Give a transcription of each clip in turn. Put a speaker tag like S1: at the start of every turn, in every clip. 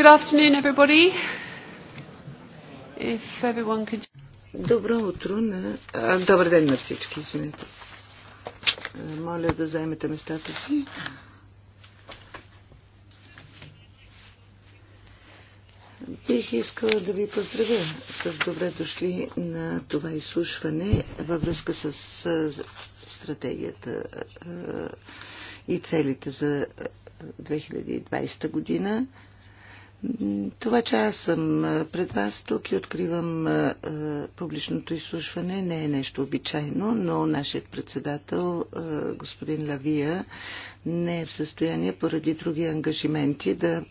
S1: Good afternoon, everybody.
S2: If everyone could... Добро утро на... добър ден на всички, извинете. Моля да заемете местата си. Бих искала да ви поздравя с добре дошли на това изслушване във връзка с стратегията и целите за 2020 година. Това, че аз съм пред вас тук и откривам публичното изслушване, не е нещо обичайно, но нашият председател, господин Лавия, не е в състояние поради други ангажименти да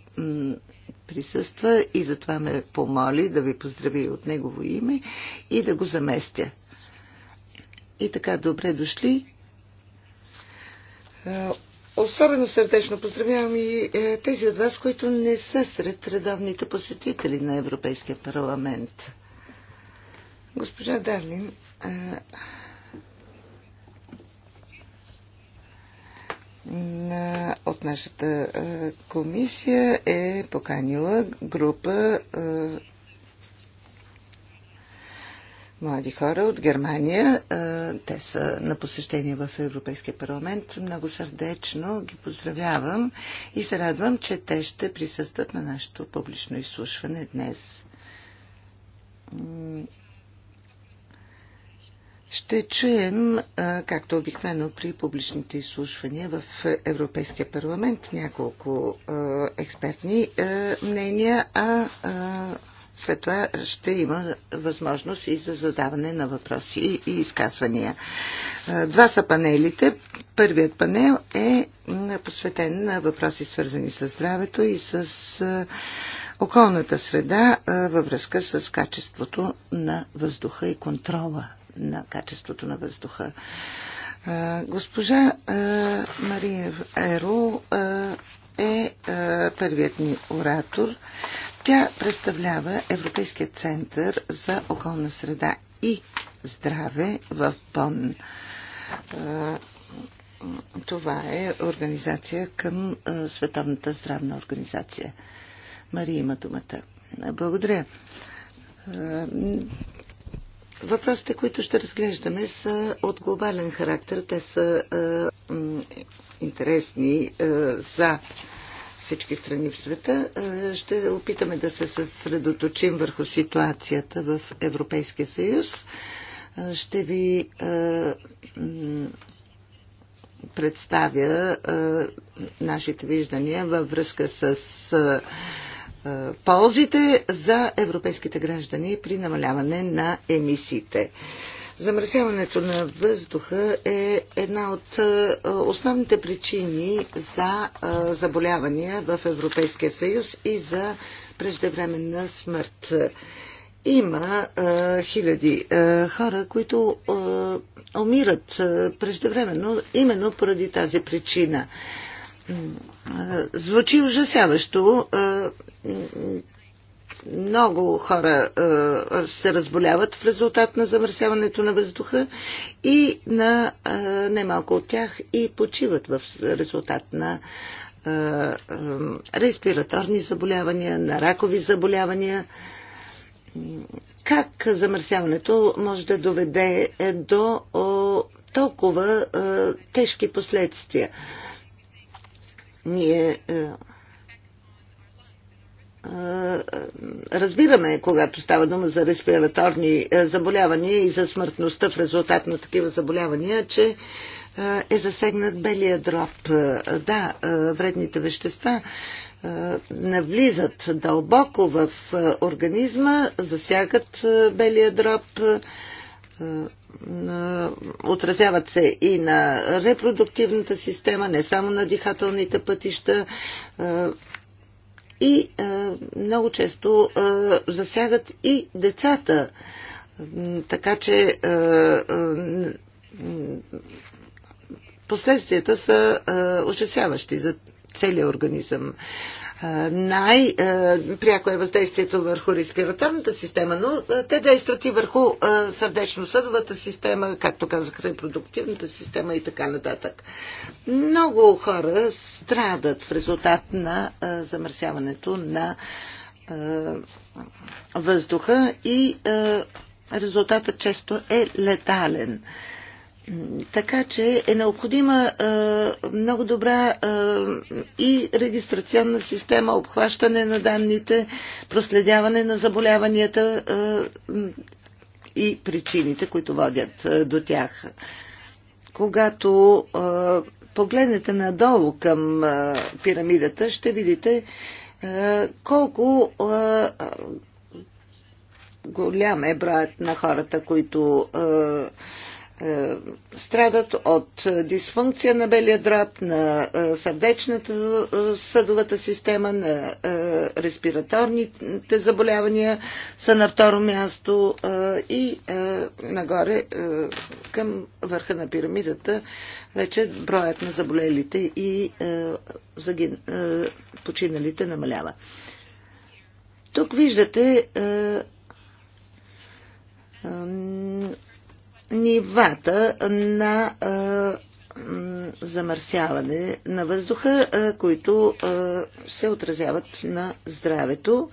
S2: присъства и затова ме помоли да ви поздрави от негово име и да го заместя. И така, добре дошли Особено сърдечно поздравявам и е, тези от вас, които не са сред редовните посетители на Европейския парламент. Госпожа Дарлин, е, от нашата е, комисия е поканила група млади хора от Германия. Те са на посещение в Европейския парламент. Много сърдечно ги поздравявам и се радвам, че те ще присъстват на нашето публично изслушване днес. Ще чуем, както обикновено при публичните изслушвания в Европейския парламент, няколко експертни мнения, а след това ще има възможност и за задаване на въпроси и изказвания. Два са панелите. Първият панел е посветен на въпроси свързани с здравето и с околната среда във връзка с качеството на въздуха и контрола на качеството на въздуха. Госпожа Мария Еро е първият ни оратор. Тя представлява Европейския център за околна среда и здраве в Пон. Това е организация към Световната здравна организация. Мария има думата. Благодаря. Въпросите, които ще разглеждаме, са от глобален характер. Те са е, интересни е, за всички страни в света. Е, ще опитаме да се съсредоточим върху ситуацията в Европейския съюз. Е, ще ви е, представя е, нашите виждания във връзка с. Е, е, ползите за европейските граждани при намаляване на емисиите. Замърсяването на въздуха е една от е, основните причини за е, заболявания в Европейския съюз и за преждевременна смърт. Има е, хиляди е, хора, които е, умират е, преждевременно именно поради тази причина. Звучи ужасяващо. Много хора се разболяват в резултат на замърсяването на въздуха и на немалко от тях и почиват в резултат на респираторни заболявания, на ракови заболявания. Как замърсяването може да доведе до толкова тежки последствия? Ние е, е, е, разбираме, когато става дума за респираторни заболявания и за смъртността в резултат на такива заболявания, че е засегнат белия дроб. Да, вредните вещества навлизат дълбоко в организма, засягат белия дроб отразяват се и на репродуктивната система, не само на дихателните пътища и много често засягат и децата. Така че последствията са ужасяващи за целият организъм най-пряко е въздействието върху респираторната система, но те действат и върху сърдечно-съдовата система, както казах, репродуктивната система и така нататък. Много хора страдат в резултат на замърсяването на въздуха и резултатът често е летален. Така че е необходима а, много добра а, и регистрационна система, обхващане на данните, проследяване на заболяванията а, и причините, които водят а, до тях. Когато а, погледнете надолу към а, пирамидата, ще видите а, колко. а, голям е броят на хората, които е, страдат от дисфункция на белия дроб, на е, сърдечната е, съдовата система, на респираторните заболявания са на второ място и нагоре към върха на пирамидата вече броят на заболелите и починалите намалява. Тук виждате нивата на замърсяване на въздуха, които се отразяват на здравето,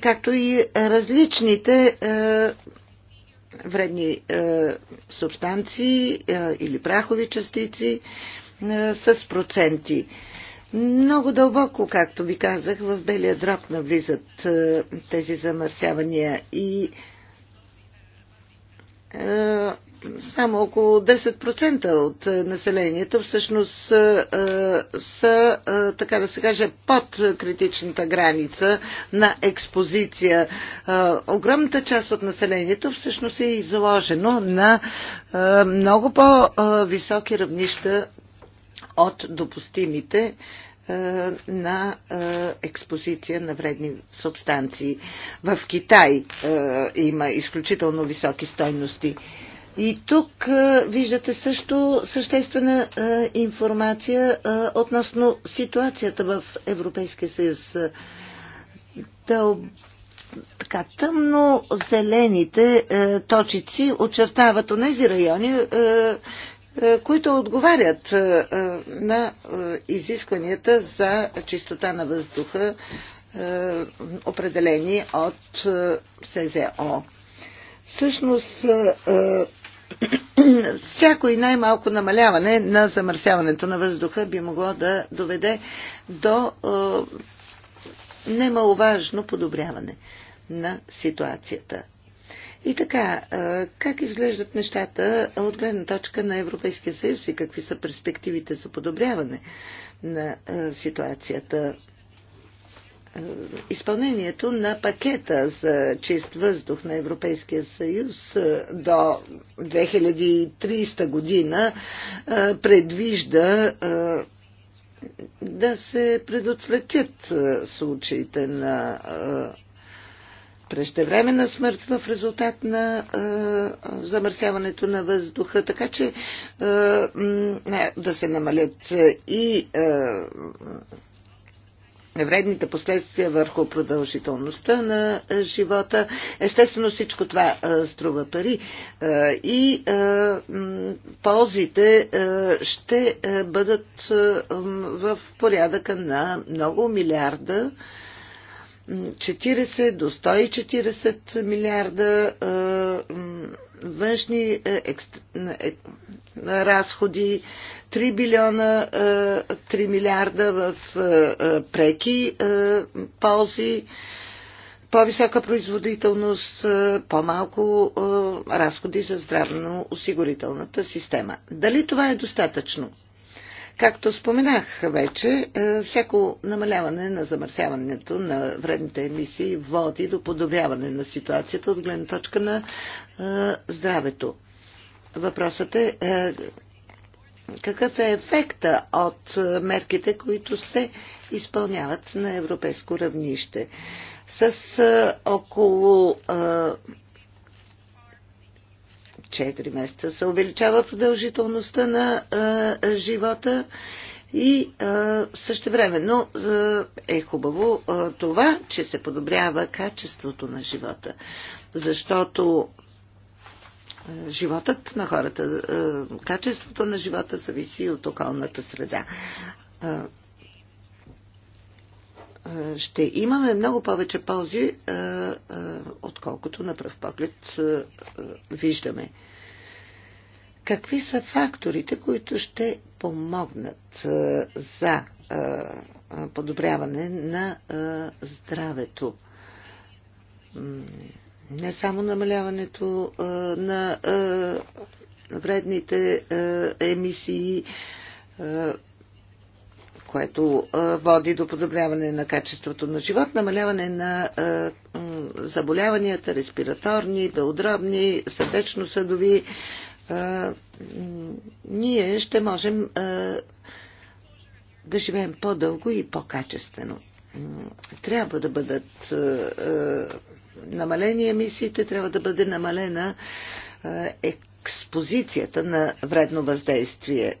S2: както и различните вредни субстанции или прахови частици с проценти. Много дълбоко, както ви казах, в белия дроб навлизат тези замърсявания и е, само около 10% от е, населението всъщност е, са, са, така да се каже, под критичната граница на експозиция. Огромната част от населението всъщност е изложено на много по-високи равнища от допустимите е, на е, експозиция на вредни субстанции. В Китай е, има изключително високи стойности. И тук виждате също съществена информация относно ситуацията в Европейския съюз. Така, тъмно зелените точици очертават онези райони, е, които отговарят е, е, на изискванията за чистота на въздуха, определени от СЗО. Всъщност, всяко и най-малко намаляване на замърсяването на въздуха би могло да доведе до немаловажно подобряване на ситуацията. И така, как изглеждат нещата от гледна точка на Европейския съюз и какви са перспективите за подобряване на ситуацията? Изпълнението на пакета за чист въздух на Европейския съюз до 2030 година предвижда да се предотвратят случаите на преждевременна смърт в резултат на а, замърсяването на въздуха, така че а, не, да се намалят и а, вредните последствия върху продължителността на живота. Естествено всичко това а, струва пари а, и а, ползите а, ще бъдат а, в порядъка на много милиарда 40 до 140 милиарда външни е, е, разходи, 3 билиона, 3 милиарда в преки ползи, по-висока производителност, по-малко разходи за здравно-осигурителната система. Дали това е достатъчно? Както споменах вече, е, всяко намаляване на замърсяването на вредните емисии води до подобряване на ситуацията от гледна точка на е, здравето. Въпросът е, е какъв е ефекта от мерките, които се изпълняват на европейско равнище. С около 4 месеца се увеличава продължителността на а, живота и а, същевременно а, е хубаво а, това, че се подобрява качеството на живота. Защото животът на хората, качеството на живота зависи от околната среда ще имаме много повече ползи, е, е, отколкото на пръв поглед е, виждаме. Какви са факторите, които ще помогнат за подобряване на здравето? Не само намаляването на вредните емисии, което води до подобряване на качеството на живот, намаляване на заболяванията, респираторни, белодробни, сърдечно-съдови. Ние ще можем да живеем по-дълго и по-качествено. Трябва да бъдат намалени емисиите, трябва да бъде намалена експозицията на вредно въздействие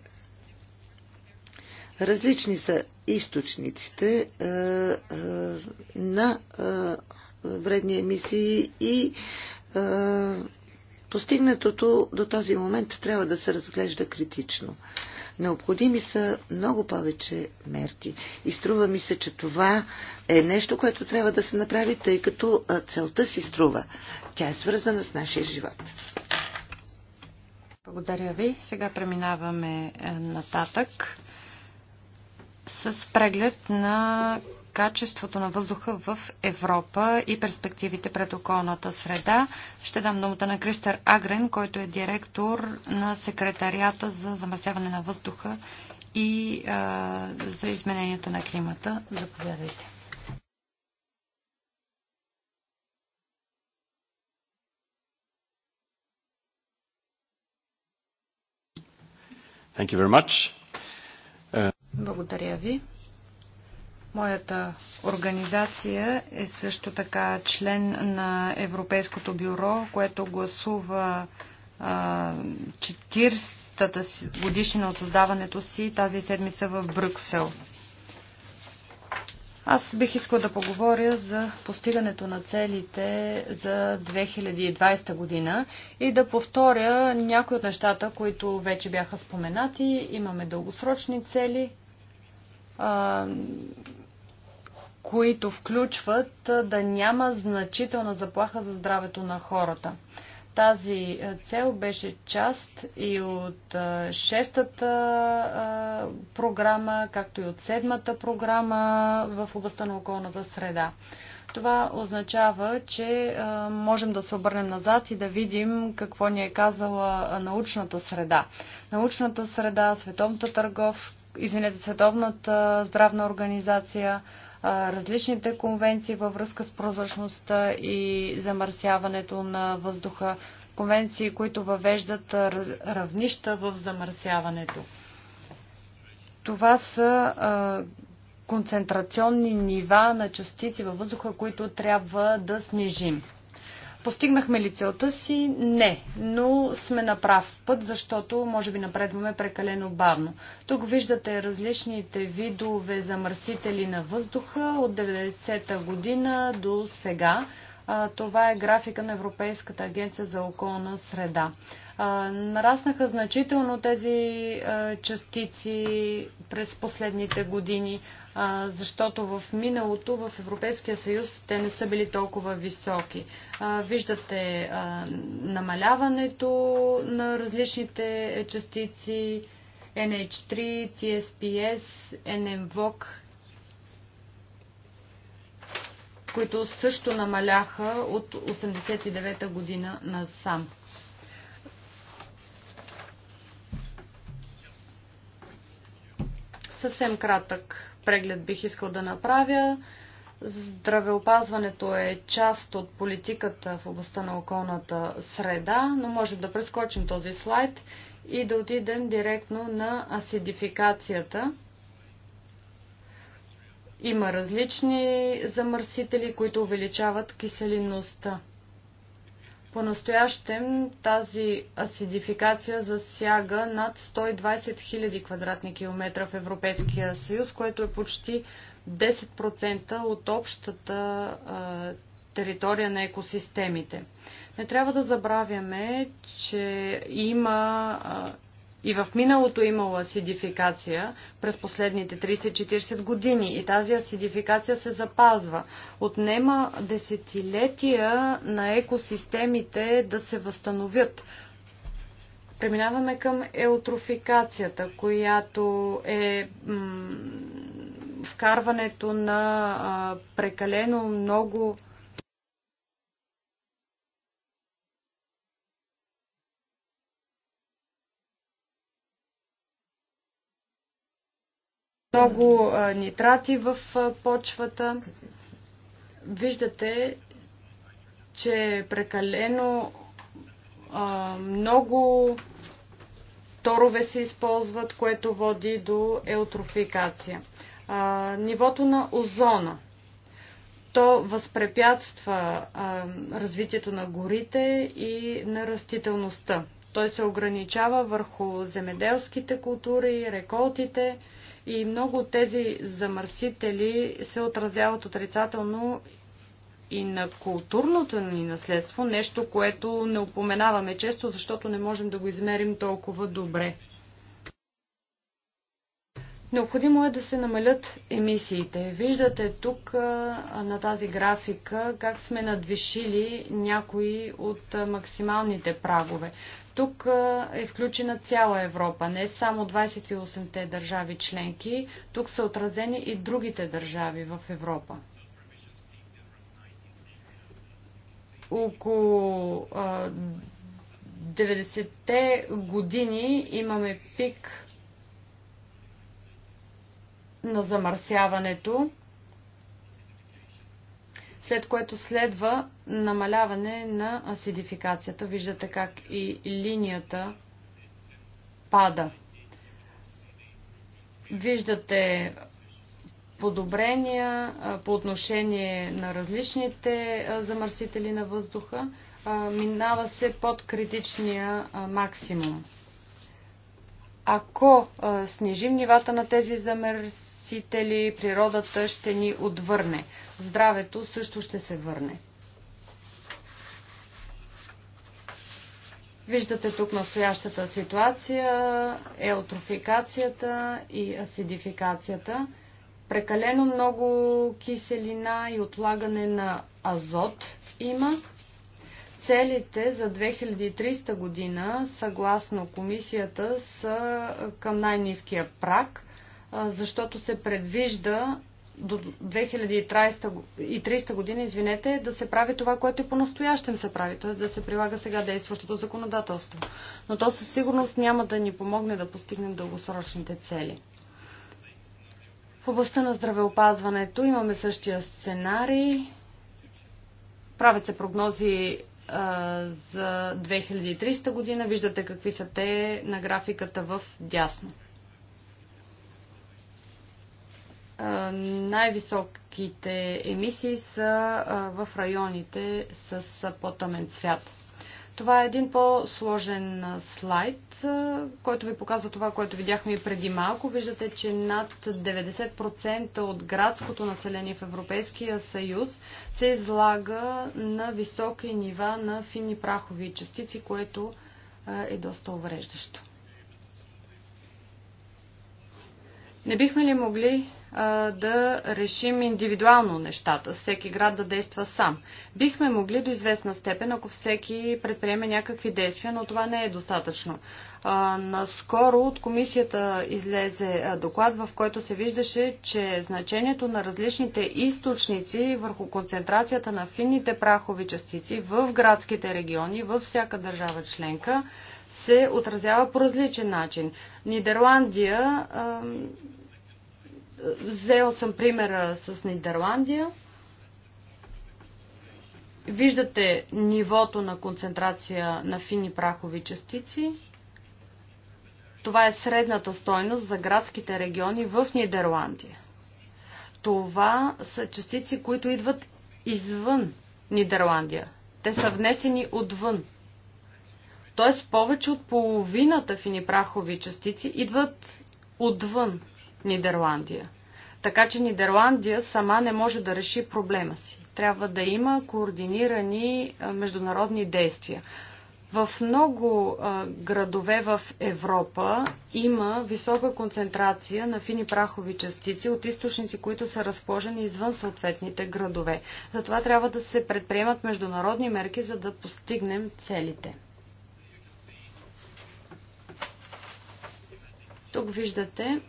S2: Различни са източниците е, е, на е, вредни емисии и постигнатото до този момент трябва да се разглежда критично. Необходими са много повече мерки. И струва ми се, че това е нещо, което трябва да се направи, тъй като целта си струва. Тя е свързана с нашия живот.
S1: Благодаря ви. Сега преминаваме нататък с преглед на качеството на въздуха в Европа и перспективите пред околната среда. Ще дам думата на Кристер Агрен, който е директор на секретарията за замърсяване на въздуха и а, за измененията на климата. Заповядайте. Thank you very much. Благодаря ви. Моята организация е също така член на Европейското бюро, което гласува 40-та годишнина от създаването си тази седмица в Брюксел. Аз бих искал да поговоря за постигането на целите за 2020 година и да повторя някои от нещата, които вече бяха споменати. Имаме дългосрочни цели, които включват да няма значителна заплаха за здравето на хората. Тази цел беше част и от шестата програма, както и от седмата програма в областта на околната среда. Това означава, че можем да се обърнем назад и да видим какво ни е казала научната среда. Научната среда, Световната търговска извинете, Световната здравна организация, различните конвенции във връзка с прозрачността и замърсяването на въздуха, конвенции, които въвеждат равнища в замърсяването. Това са концентрационни нива на частици във въздуха, които трябва да снижим. Постигнахме ли целта си? Не, но сме на прав път, защото може би напредваме прекалено бавно. Тук виждате различните видове замърсители на въздуха от 90-та година до сега. Това е графика на Европейската агенция за околна среда. Нараснаха значително тези частици през последните години защото в миналото в Европейския съюз те не са били толкова високи. Виждате намаляването на различните частици NH3, TSPS, NMVOC, които също намаляха от 89-та година на сам. Съвсем кратък преглед бих искал да направя. Здравеопазването е част от политиката в областта на околната среда, но можем да прескочим този слайд и да отидем директно на асидификацията. Има различни замърсители, които увеличават киселинността. По-настоящем тази асидификация засяга над 120 000 квадратни километра в Европейския съюз, което е почти 10% от общата а, територия на екосистемите. Не трябва да забравяме, че има а, и в миналото е имало асидификация през последните 30-40 години и тази асидификация се запазва. Отнема десетилетия на екосистемите да се възстановят. Преминаваме към еутрофикацията, която е вкарването на прекалено много много нитрати в почвата. Виждате, че прекалено много торове се използват, което води до еутрофикация. Нивото на озона. То възпрепятства развитието на горите и на растителността. Той се ограничава върху земеделските култури, реколтите, и много от тези замърсители се отразяват отрицателно и на културното ни наследство, нещо, което не упоменаваме често, защото не можем да го измерим толкова добре. Необходимо е да се намалят емисиите. Виждате тук на тази графика как сме надвишили някои от максималните прагове. Тук е включена цяла Европа, не само 28-те държави членки, тук са отразени и другите държави в Европа. Около 90-те години имаме пик на замърсяването след което следва намаляване на асидификацията. Виждате как и линията пада. Виждате подобрения по отношение на различните замърсители на въздуха. Минава се под критичния максимум. Ако снижим нивата на тези замърсители, замърсители, природата ще ни отвърне. Здравето също ще се върне. Виждате тук настоящата ситуация, еутрофикацията и асидификацията. Прекалено много киселина и отлагане на азот има. Целите за 2300 година, съгласно комисията, са към най-низкия прак – защото се предвижда до 2030 година, извинете, да се прави това, което и по-настоящем се прави, т.е. да се прилага сега действащото законодателство. Но то със сигурност няма да ни помогне да постигнем дългосрочните цели. В областта на здравеопазването имаме същия сценарий. Правят се прогнози а, за 2300 година. Виждате какви са те на графиката в дясно. най-високите емисии са в районите с по-тъмен цвят. Това е един по-сложен слайд, който ви показва това, което видяхме и преди малко. Виждате, че над 90% от градското население в Европейския съюз се излага на високи нива на фини прахови частици, което е доста увреждащо. Не бихме ли могли а, да решим индивидуално нещата, всеки град да действа сам? Бихме могли до известна степен, ако всеки предприеме някакви действия, но това не е достатъчно. А, наскоро от комисията излезе доклад, в който се виждаше, че значението на различните източници върху концентрацията на финните прахови частици в градските региони, във всяка държава членка, се отразява по различен начин. Нидерландия, взел съм примера с Нидерландия, виждате нивото на концентрация на фини прахови частици. Това е средната стойност за градските региони в Нидерландия. Това са частици, които идват извън Нидерландия. Те са внесени отвън. Тоест повече от половината финипрахови частици идват отвън Нидерландия. Така че Нидерландия сама не може да реши проблема си. Трябва да има координирани международни действия. В много градове в Европа има висока концентрация на фини прахови частици от източници, които са разположени извън съответните градове. Затова трябва да се предприемат международни мерки, за да постигнем целите. Тук виждате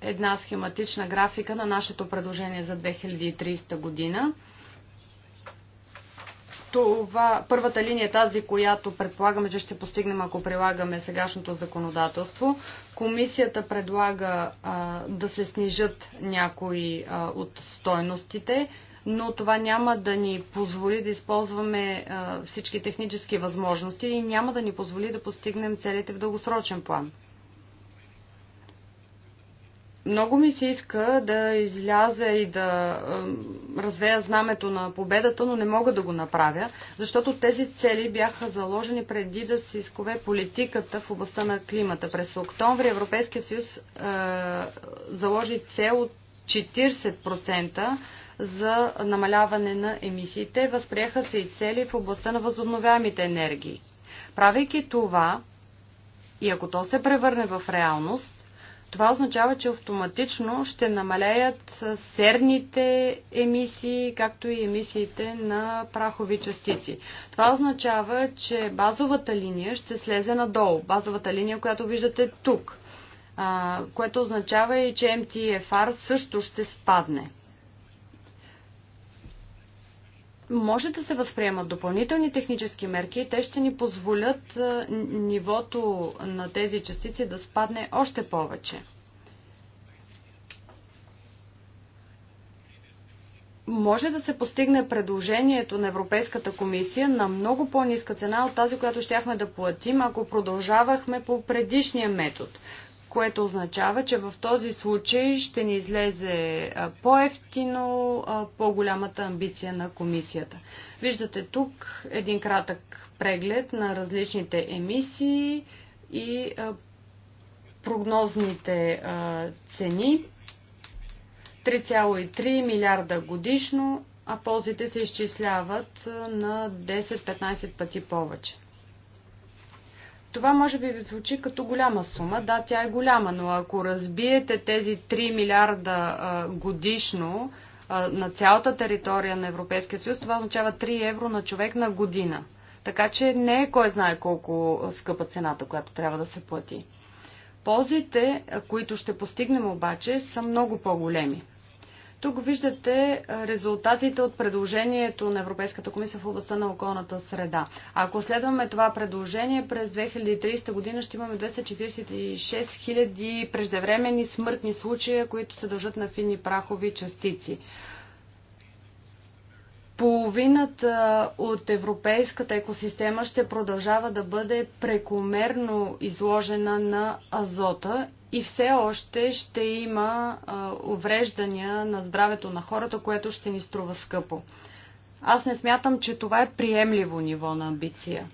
S1: една схематична графика на нашето предложение за 2030 година. Това, първата линия е тази, която предполагаме, че ще постигнем, ако прилагаме сегашното законодателство. Комисията предлага а, да се снижат някои а, от стойностите но това няма да ни позволи да използваме всички технически възможности и няма да ни позволи да постигнем целите в дългосрочен план. Много ми се иска да изляза и да е, развея знамето на победата, но не мога да го направя, защото тези цели бяха заложени преди да се изкове политиката в областта на климата. През октомври Европейския съюз е, заложи цел от 40% за намаляване на емисиите. Възприеха се и цели в областта на възобновяемите енергии. Правейки това, и ако то се превърне в реалност, това означава, че автоматично ще намаляят серните емисии, както и емисиите на прахови частици. Това означава, че базовата линия ще слезе надолу. Базовата линия, която виждате тук. което означава и, че MTFR също ще спадне. може да се възприемат допълнителни технически мерки и те ще ни позволят нивото на тези частици да спадне още повече. Може да се постигне предложението на Европейската комисия на много по-ниска цена от тази, която щяхме да платим, ако продължавахме по предишния метод което означава, че в този случай ще ни излезе по-ефтино по-голямата амбиция на комисията. Виждате тук един кратък преглед на различните емисии и прогнозните цени. 3,3 милиарда годишно, а ползите се изчисляват на 10-15 пъти повече. Това може би ви звучи като голяма сума. Да, тя е голяма, но ако разбиете тези 3 милиарда а, годишно а, на цялата територия на Европейския съюз, това означава 3 евро на човек на година. Така че не е кой знае колко скъпа цената, която трябва да се плати. Ползите, които ще постигнем обаче, са много по-големи. Тук виждате резултатите от предложението на Европейската комисия в областта на околната среда. Ако следваме това предложение, през 2030 година ще имаме 246 000 преждевремени смъртни случая, които се дължат на фини прахови частици половината от европейската екосистема ще продължава да бъде прекомерно изложена на азота и все още ще има а, увреждания на здравето на хората, което ще ни струва скъпо. Аз не смятам, че това е приемливо ниво на амбиция.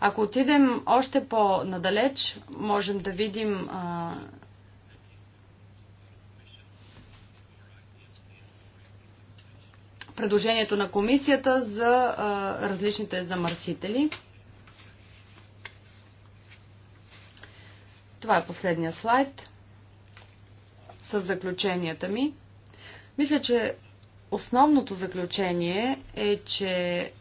S1: Ако отидем още по-надалеч, можем да видим а, предложението на комисията за различните замърсители. Това е последния слайд с заключенията ми. Мисля, че основното заключение е, че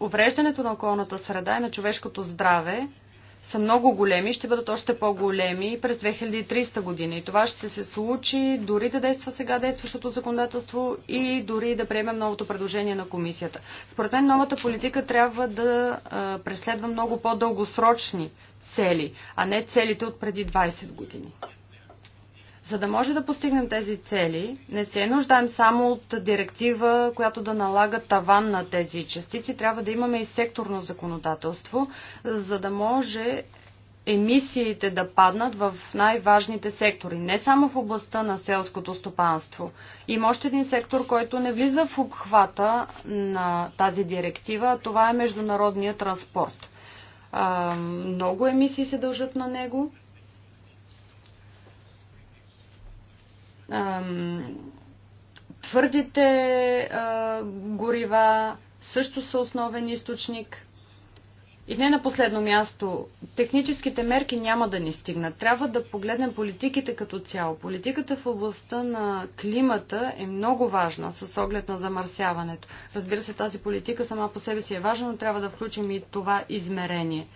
S1: увреждането на околната среда и на човешкото здраве – са много големи, ще бъдат още по-големи през 2300 година. И това ще се случи дори да действа сега действащото законодателство и дори да приемем новото предложение на комисията. Според мен новата политика трябва да а, преследва много по-дългосрочни цели, а не целите от преди 20 години. За да може да постигнем тези цели, не се нуждаем само от директива, която да налага таван на тези частици. Трябва да имаме и секторно законодателство, за да може емисиите да паднат в най-важните сектори, не само в областта на селското стопанство. Има още един сектор, който не влиза в обхвата на тази директива, а това е международния транспорт. Много емисии се дължат на него Твърдите горива също са основен източник. И не на последно място, техническите мерки няма да ни стигнат. Трябва да погледнем политиките като цяло. Политиката в областта на климата е много важна с оглед на замърсяването. Разбира се, тази политика сама по себе си е важна, но трябва да включим и това измерение.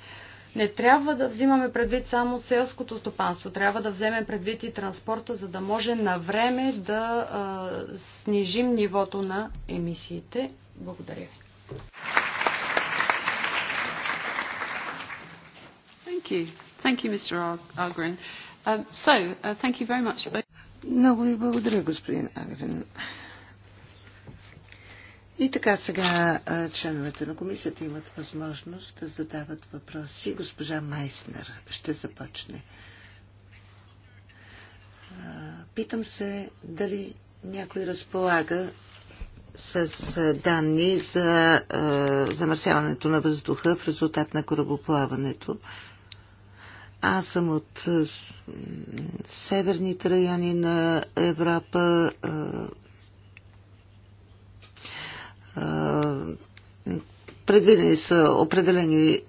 S1: Не трябва да взимаме предвид само селското стопанство, трябва да вземем предвид и транспорта, за да може на време да а, снижим нивото на емисиите. Благодаря ви. Thank you. Thank you, Mr. Um, so, uh, thank you very much.
S2: Много ви благодаря, господин Агрен. И така сега членовете на комисията имат възможност да задават въпроси. Госпожа Майснер ще започне. Питам се дали някой разполага с данни за замърсяването на въздуха в резултат на корабоплаването. Аз съм от северните райони на Европа. Предвидени са определени е,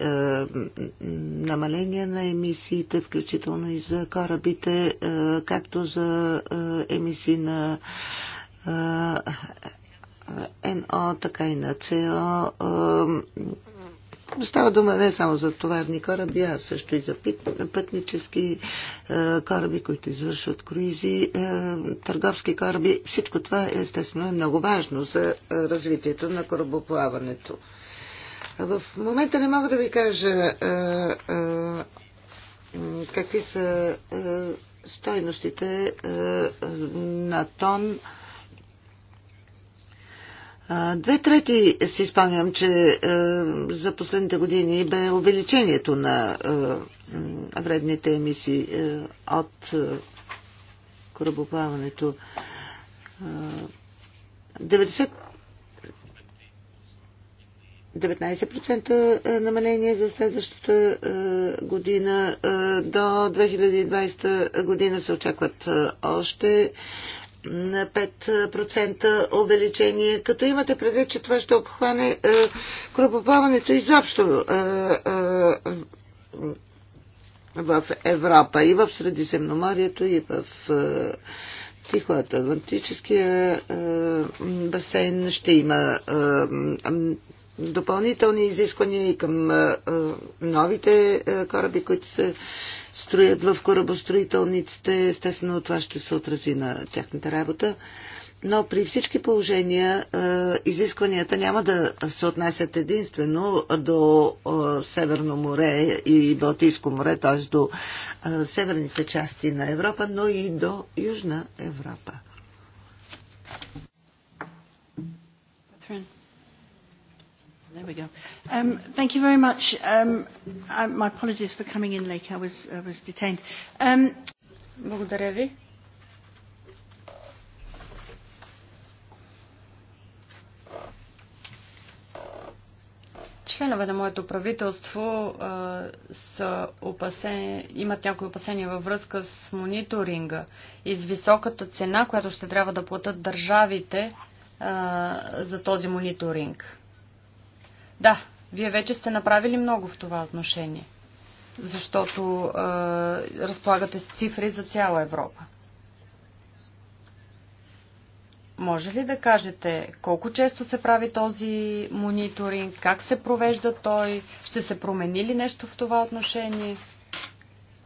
S2: намаления на емисиите, включително и за корабите, е, както за е, емисии на е, е НО, така и на ЦО. Е, Става дума не само за товарни кораби, а също и за пътнически е, кораби, които извършват круизи, е, търговски кораби. Всичко това естествено е много важно за развитието на корабоплаването. В момента не мога да ви кажа е, какви са стойностите на тон Две трети си спомням, че е, за последните години бе увеличението на е, вредните емисии е, от корабоплаването. 90... 19% намаление за следващата година. До 2020 година се очакват още 5% увеличение, като имате предвид, че това ще обхване е, изобщо е, е, в Европа и в Средиземноморието и в е, Тихоатлантическия е, басейн ще има е, допълнителни изисквания и към е, е, новите е, кораби, които се строят в корабостроителниците. Естествено, това ще се отрази на тяхната работа. Но при всички положения е, изискванията няма да се отнасят единствено до е, Северно море и Балтийско море, т.е. до е, северните части на Европа, но и до Южна Европа.
S1: There we go. Um, thank you very much. Um, I, my apologies for coming in late. I was, I was detained. Um... Благодаря ви. Членове на моето правителство а, са опасени, имат някои опасения във връзка с мониторинга и с високата цена, която ще трябва да платят държавите а, за този мониторинг. Да, вие вече сте направили много в това отношение, защото е, разполагате с цифри за цяла Европа. Може ли да кажете колко често се прави този мониторинг, как се провежда той, ще се промени ли нещо в това отношение?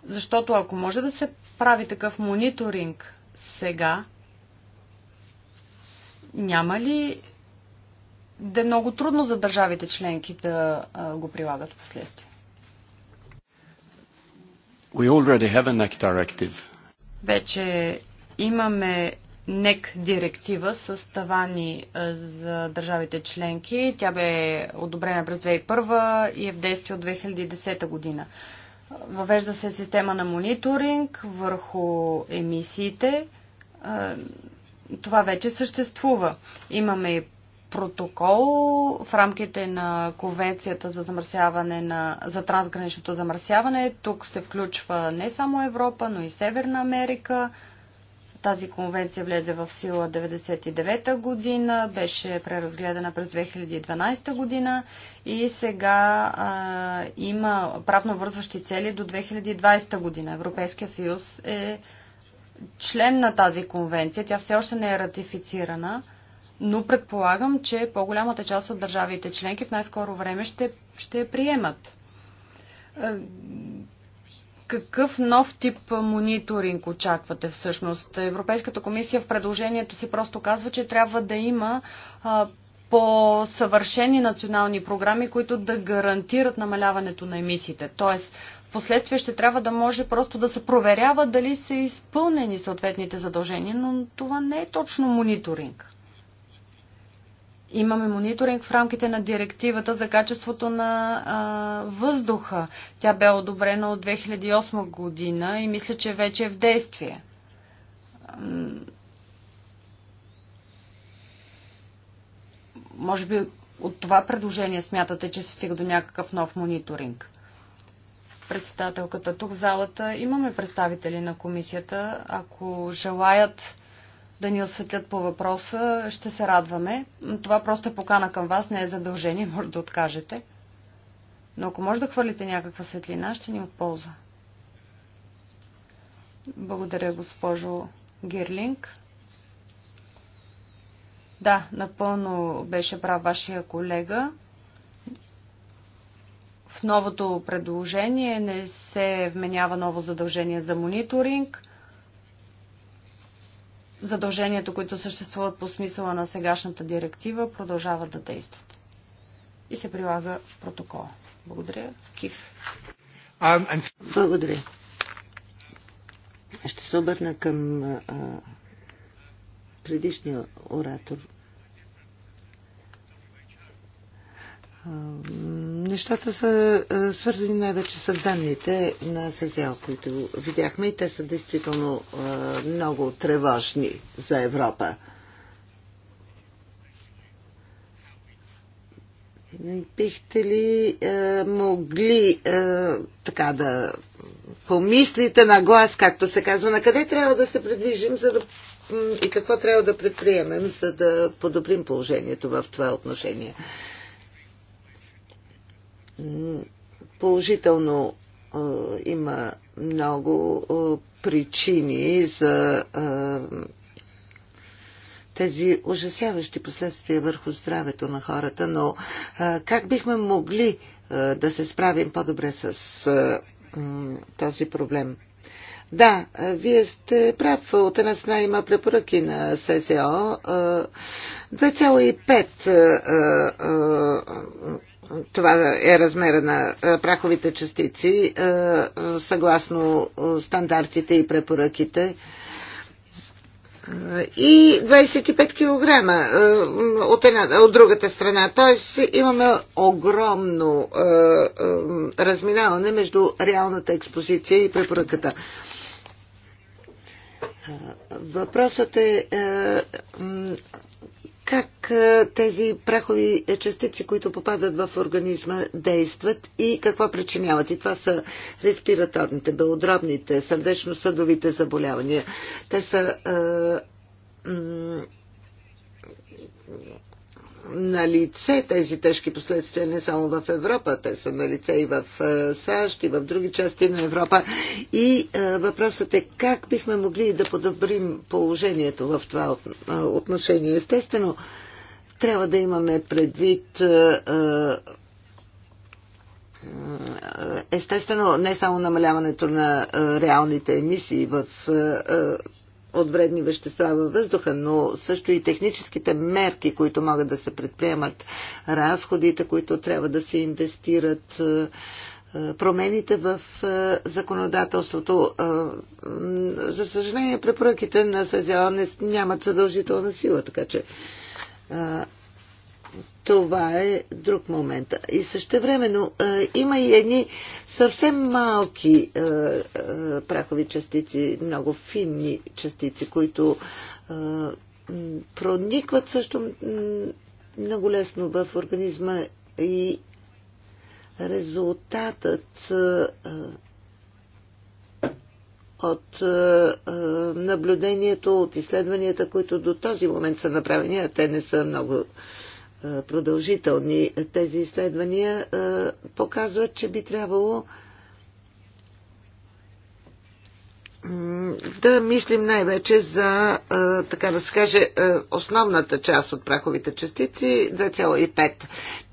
S1: Защото ако може да се прави такъв мониторинг сега, няма ли да е много трудно за държавите членки да го прилагат в последствие. We already have a NEC directive. Вече имаме НЕК директива с тавани за държавите членки. Тя бе одобрена през 2001 и е в действие от 2010 година. Въвежда се система на мониторинг върху емисиите. Това вече съществува. Имаме и протокол в рамките на Конвенцията за, замърсяване на, за трансграничното замърсяване. Тук се включва не само Европа, но и Северна Америка. Тази конвенция влезе в сила 1999 година, беше преразгледана през 2012 година и сега а, има правно вързващи цели до 2020 година. Европейския съюз е член на тази конвенция. Тя все още не е ратифицирана но предполагам, че по-голямата част от държавите членки в най-скоро време ще, ще я приемат. Е, какъв нов тип мониторинг очаквате всъщност? Европейската комисия в предложението си просто казва, че трябва да има по-съвършени национални програми, които да гарантират намаляването на емисиите. Тоест, в последствие ще трябва да може просто да се проверява дали са изпълнени съответните задължения, но това не е точно мониторинг. Имаме мониторинг в рамките на директивата за качеството на а, въздуха. Тя бе одобрена от 2008 година и мисля, че вече е в действие. Може би от това предложение смятате, че се стига до някакъв нов мониторинг. Председателката тук в залата имаме представители на комисията. Ако желаят да ни осветлят по въпроса, ще се радваме. Това просто е покана към вас, не е задължение, може да откажете. Но ако може да хвърлите някаква светлина, ще ни е от полза. Благодаря, госпожо Гирлинг. Да, напълно беше прав вашия колега. В новото предложение не се вменява ново задължение за мониторинг – Задълженията, които съществуват по смисъла на сегашната директива, продължават да действат. И се прилага протокол. Благодаря.
S2: Кив. Um, Благодаря. Ще се обърна към а, предишния оратор. Нещата са свързани най-вече с данните на СЗО, които видяхме и те са действително много тревожни за Европа. Бихте ли е, могли е, така да помислите на глас, както се казва, на къде трябва да се предвижим за да, и какво трябва да предприемем, за да подобрим положението в това отношение? Положително има много причини за тези ужасяващи последствия върху здравето на хората, но как бихме могли да се справим по-добре с този проблем? Да, вие сте прав. От една страна има препоръки на ССО. 2,5 това е размера на е, праховите частици е, е, съгласно стандартите и препоръките. И 25 кг от, една, от другата страна. Тоест имаме огромно разминаване между реалната експозиция и препоръката. Въпросът е как е, тези прахови частици, които попадат в организма, действат и какво причиняват. И това са респираторните, белодробните, сърдечно-съдовите заболявания. Те са е, на лице тези тежки последствия не само в Европа, те са на лице и в е, САЩ, и в други части на Европа. И е, въпросът е как бихме могли да подобрим положението в това е, отношение. Естествено, трябва да имаме предвид естествено не само намаляването на реалните емисии в от вредни вещества във въздуха, но също и техническите мерки, които могат да се предприемат, разходите, които трябва да се инвестират, е, е, промените в е, законодателството. За съжаление, препоръките на СЗО нямат задължителна сила, така че това е друг момент. И също времено е, има и едни съвсем малки е, е, прахови частици, много финни частици, които проникват също много лесно в организма и резултатът от наблюдението, от изследванията, които до този момент са направени, а те не са много продължителни тези изследвания показват, че би трябвало да мислим най-вече за, така да се каже, основната част от праховите частици 2,5.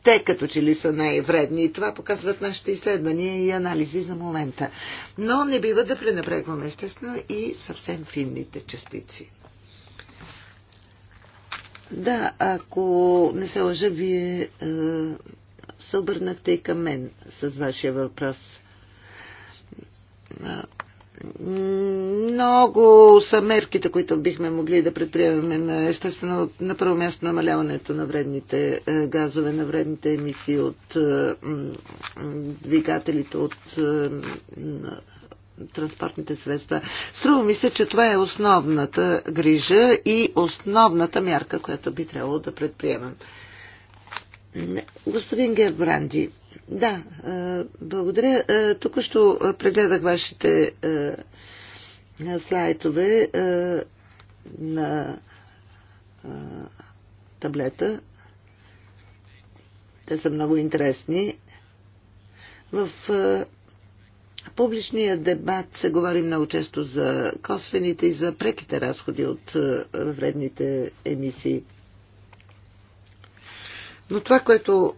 S2: Те като че ли са най-вредни и това показват нашите изследвания и анализи за момента. Но не бива да пренебрегваме естествено и съвсем финните частици. Да, ако не се лъжа, вие е, се обърнахте и към мен с вашия въпрос. Много са мерките, които бихме могли да предприемем. Естествено, на първо място намаляването на вредните е, газове, на вредните емисии от е, двигателите, от е, транспортните средства. Струва ми се, че това е основната грижа и основната мярка, която би трябвало да предприемам. Господин Гербранди, да, е, благодаря. Е, Тук що прегледах вашите е, слайдове на таблета. Те са много интересни. В публичния дебат се говори много често за косвените и за преките разходи от е, вредните емисии. Но това, което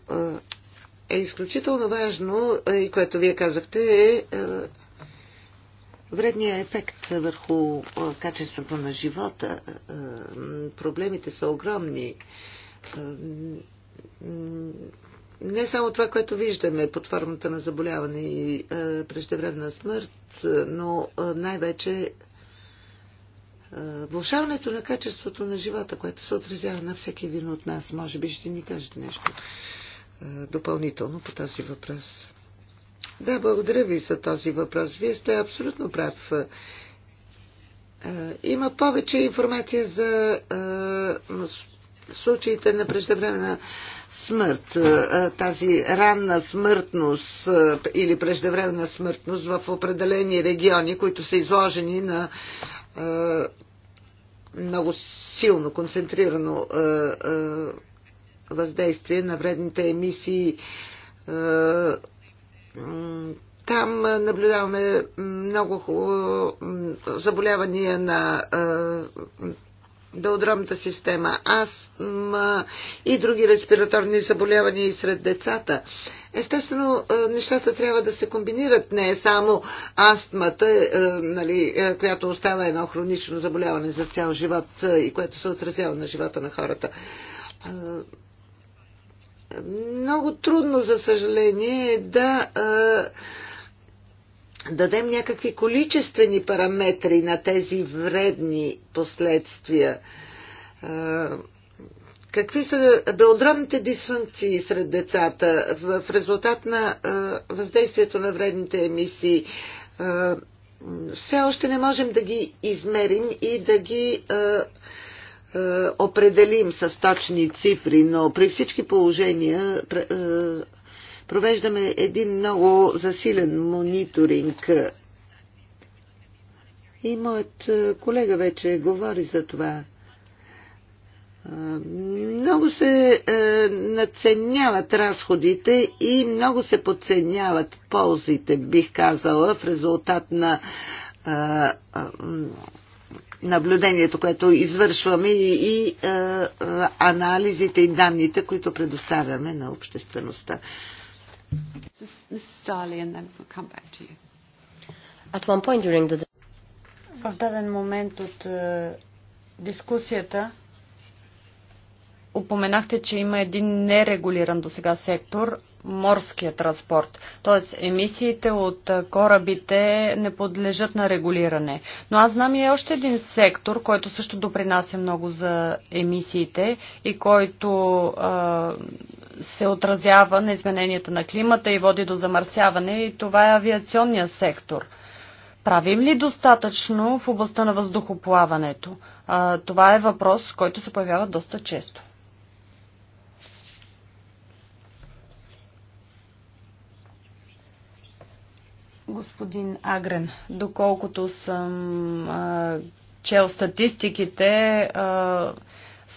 S2: е, е изключително важно е, и което вие казахте е вредния ефект върху качеството на живота. Проблемите са огромни не само това, което виждаме под формата на заболяване и е, преждевременна смърт, е, но е, най-вече влушаването на качеството на живота, което се отразява на всеки един от нас. Може би ще ни кажете нещо допълнително по този въпрос. Да, благодаря ви за този въпрос. Вие сте абсолютно прав. Има повече информация за случаите на преждевременна смърт, тази ранна смъртност или преждевременна смъртност в определени региони, които са изложени на много силно концентрирано въздействие на вредните емисии. Там наблюдаваме много заболявания на белодробната система, астма и други респираторни заболявания и сред децата. Естествено, е, нещата трябва да се комбинират. Не е само астмата, е, е, нали, която остава едно хронично заболяване за цял живот и което се отразява на живота на хората. Много трудно, за съжаление, е да дадем някакви количествени параметри на тези вредни последствия. Какви са белодробните дисфункции сред децата в резултат на въздействието на вредните емисии? Все още не можем да ги измерим и да ги определим с точни цифри, но при всички положения провеждаме един много засилен мониторинг. И моят е, колега вече говори за това. Е, много се е, наценяват разходите и много се подценяват ползите, бих казала, в резултат на е, е, наблюдението, което извършваме и, и е, е анализите и данните, които предоставяме на обществеността.
S1: В даден момент от е, дискусията упоменахте, че има един нерегулиран до сега сектор морския транспорт. Тоест емисиите от е, корабите не подлежат на регулиране. Но аз знам и още един сектор, който също допринася много за емисиите и който а, е, се отразява на измененията на климата и води до замърсяване и това е авиационния сектор. Правим ли достатъчно в областта на въздухоплаването? А, това е въпрос, който се появява доста често. Господин Агрен, доколкото съм а, чел статистиките, а,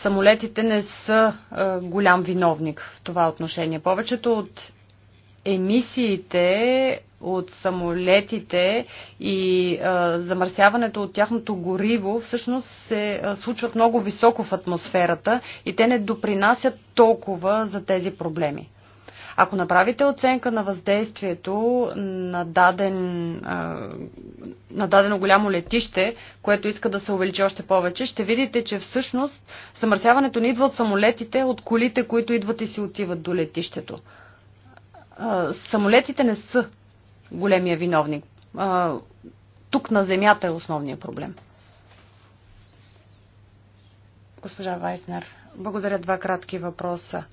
S1: самолетите не са а, е, голям виновник в това отношение. Повечето от емисиите от самолетите и а, е, замърсяването от тяхното гориво всъщност се а, е, случват много високо в атмосферата и те не допринасят толкова за тези проблеми. Ако направите оценка на въздействието на, даден, на дадено голямо летище, което иска да се увеличи още повече, ще видите, че всъщност замърсяването не идва от самолетите, от колите, които идват и си отиват до летището. Самолетите не са големия виновник. Тук на земята е основният проблем. Госпожа Вайснер, благодаря два кратки въпроса.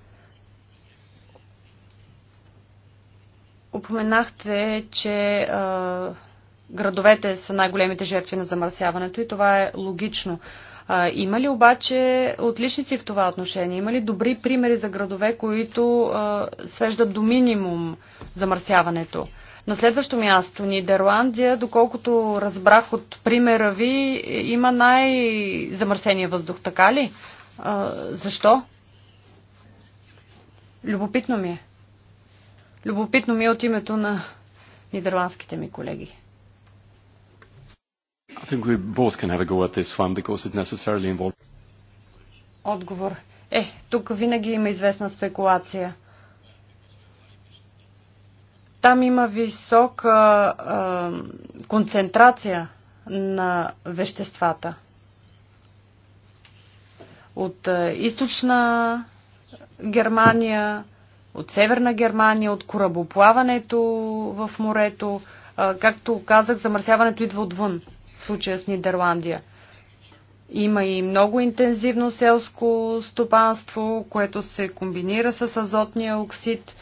S1: Упоменахте, че а, градовете са най-големите жертви на замърсяването и това е логично. А, има ли обаче отличници в това отношение? Има ли добри примери за градове, които а, свеждат до минимум замърсяването? На следващо място, Нидерландия, доколкото разбрах от примера ви, има най-замърсения въздух, така ли? А, защо? Любопитно ми е. Любопитно ми е от името на нидерландските ми колеги. Отговор. Е, тук винаги има известна спекулация. Там има висока а, концентрация на веществата. От а, източна Германия, от Северна Германия, от корабоплаването в морето. Както казах, замърсяването идва отвън, в случая с Нидерландия. Има и много интензивно селско стопанство, което се комбинира с азотния оксид.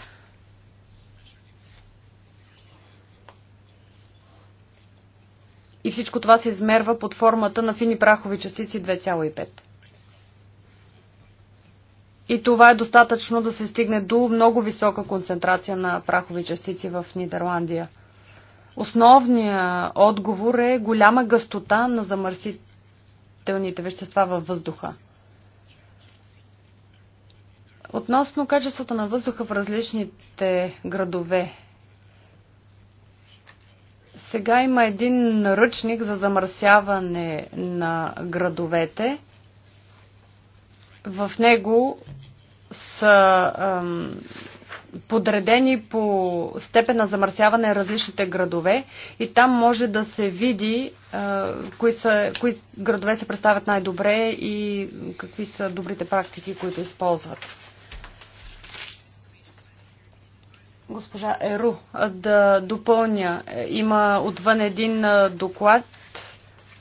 S1: И всичко това се измерва под формата на фини прахови частици 2,5. И това е достатъчно да се стигне до много висока концентрация на прахови частици в Нидерландия. Основният отговор е голяма гъстота на замърсителните вещества във въздуха. Относно качеството на въздуха в различните градове, сега има един наръчник за замърсяване на градовете – в него са ам, подредени по степен на замърсяване различните градове и там може да се види а, кои, са, кои градове се представят най-добре и какви са добрите практики, които използват. Госпожа Еру, да допълня. Е, има отвън един доклад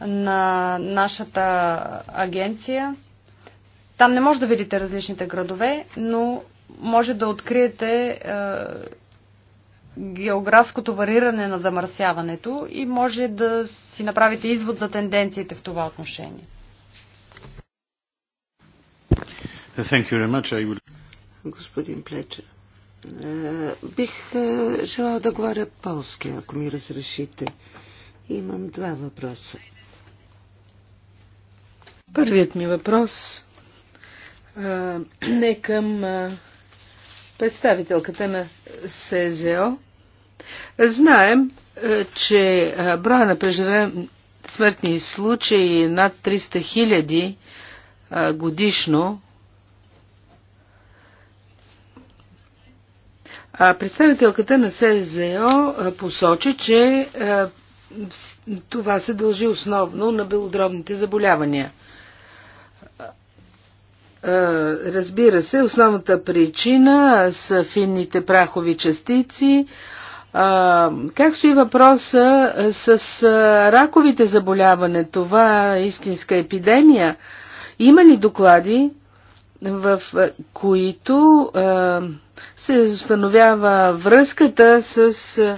S1: на нашата агенция. Там не може да видите различните градове, но може да откриете е, географското вариране на замърсяването и може да си направите извод за тенденциите в това отношение.
S2: Will... Господин Плече, е, бих е, желал да говоря полски, ако ми разрешите. Имам два въпроса. Първият ми въпрос
S3: не към представителката на СЗО. Знаем, че броя на преживеем смъртни случаи е над 300 хиляди годишно. А представителката на СЗО посочи, че това се дължи основно на белодробните заболявания – Разбира се, основната причина са финните прахови частици. Как стои въпроса с раковите заболяване? Това е истинска епидемия. Има ли доклади, в които се установява връзката с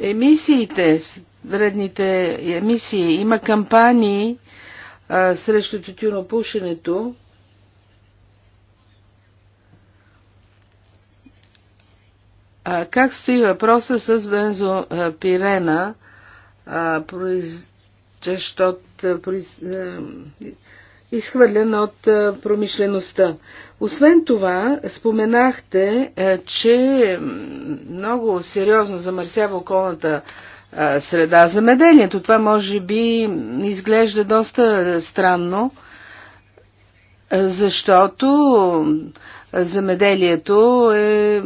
S3: емисиите, вредните емисии? Има кампании, а, срещу тютюнопушенето. А, как стои въпроса с бензопирена, а, произ... от, произ... а, изхвърлен от а, промишлеността? Освен това, споменахте, а, че много сериозно замърсява околната а, среда замеделието. Това може би изглежда доста странно, защото замеделието е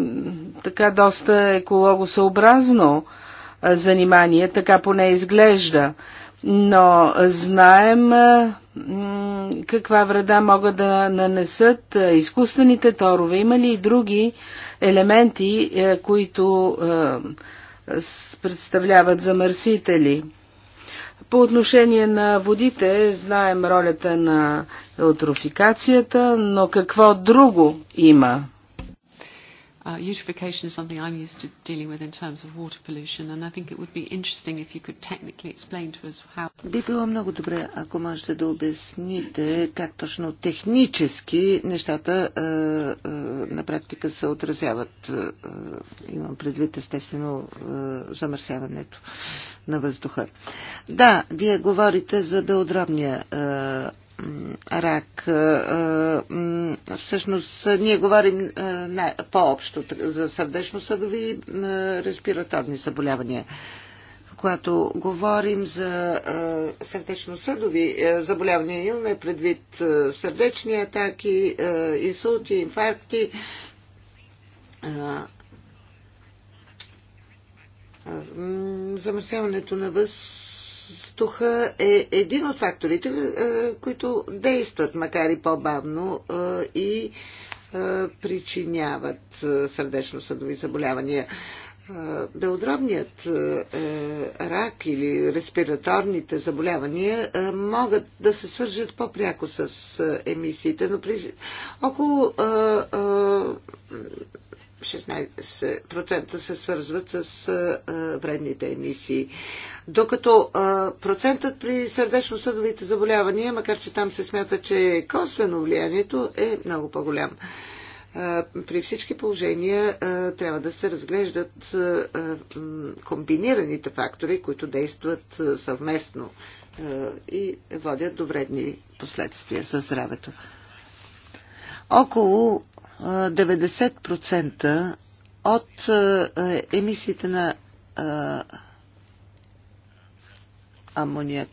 S3: така доста екологосъобразно занимание, така поне изглежда. Но знаем каква вреда могат да нанесат изкуствените торове. Има ли и други елементи, е, които е, представляват замърсители. По отношение на водите знаем ролята на еутрофикацията, но какво друго има?
S1: Uh, eutrophication is something I'm used to dealing with in terms of water pollution, and I think it would be interesting if you could technically explain to us
S2: how. Би било много добре, ако можете да обясните как точно технически нещата а, е, а, е, на практика се отразяват. А, е, имам предвид естествено а, замърсяването на въздуха. Да, вие говорите за белодробния а, рак. Е, е, всъщност ние говорим е, по-общо за сърдечно-съдови респираторни заболявания. Когато говорим за сърдечно-съдови заболявания, имаме предвид сърдечни атаки, инсулти, инфаркти, замърсяването на въз въздуха е един от факторите, е, които действат, макар и по-бавно е, и е, причиняват сърдечно-съдови заболявания. Белодробният рак или респираторните заболявания могат да се свържат по-пряко с емисиите, но при около 16% се свързват с вредните емисии. Докато процентът при сърдечно-съдовите заболявания, макар че там се смята, че е косвено влиянието е много по-голям. При всички положения трябва да се разглеждат комбинираните фактори, които действат съвместно и водят до вредни последствия за здравето. Около 90% от е, е, емисиите на е, амоняк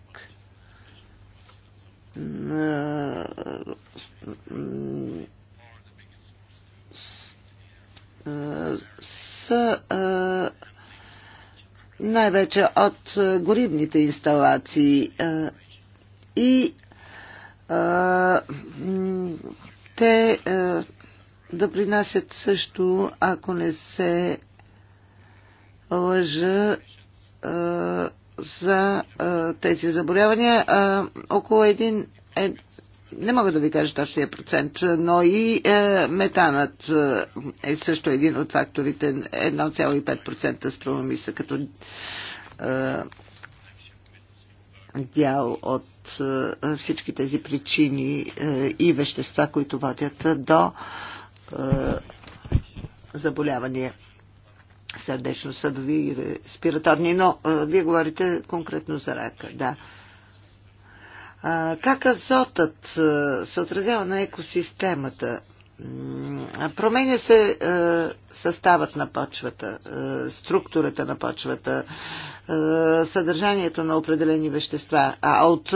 S2: са най-вече от горивните инсталации и те да принасят също, ако не се лъжа, за тези заболявания. Около един, е, не мога да ви кажа точния процент, но и е, метанът е, е също един от факторите. 1,5% струва ми се като е, дял от всички тези причини и вещества, които водят до е, заболявания сърдечно-съдови и респираторни, но а, е, вие говорите конкретно за рака, да. А, как азотът а, е, се отразява на екосистемата? променя се е, съставът на почвата, е, структурата на почвата, е, съдържанието на определени вещества. А от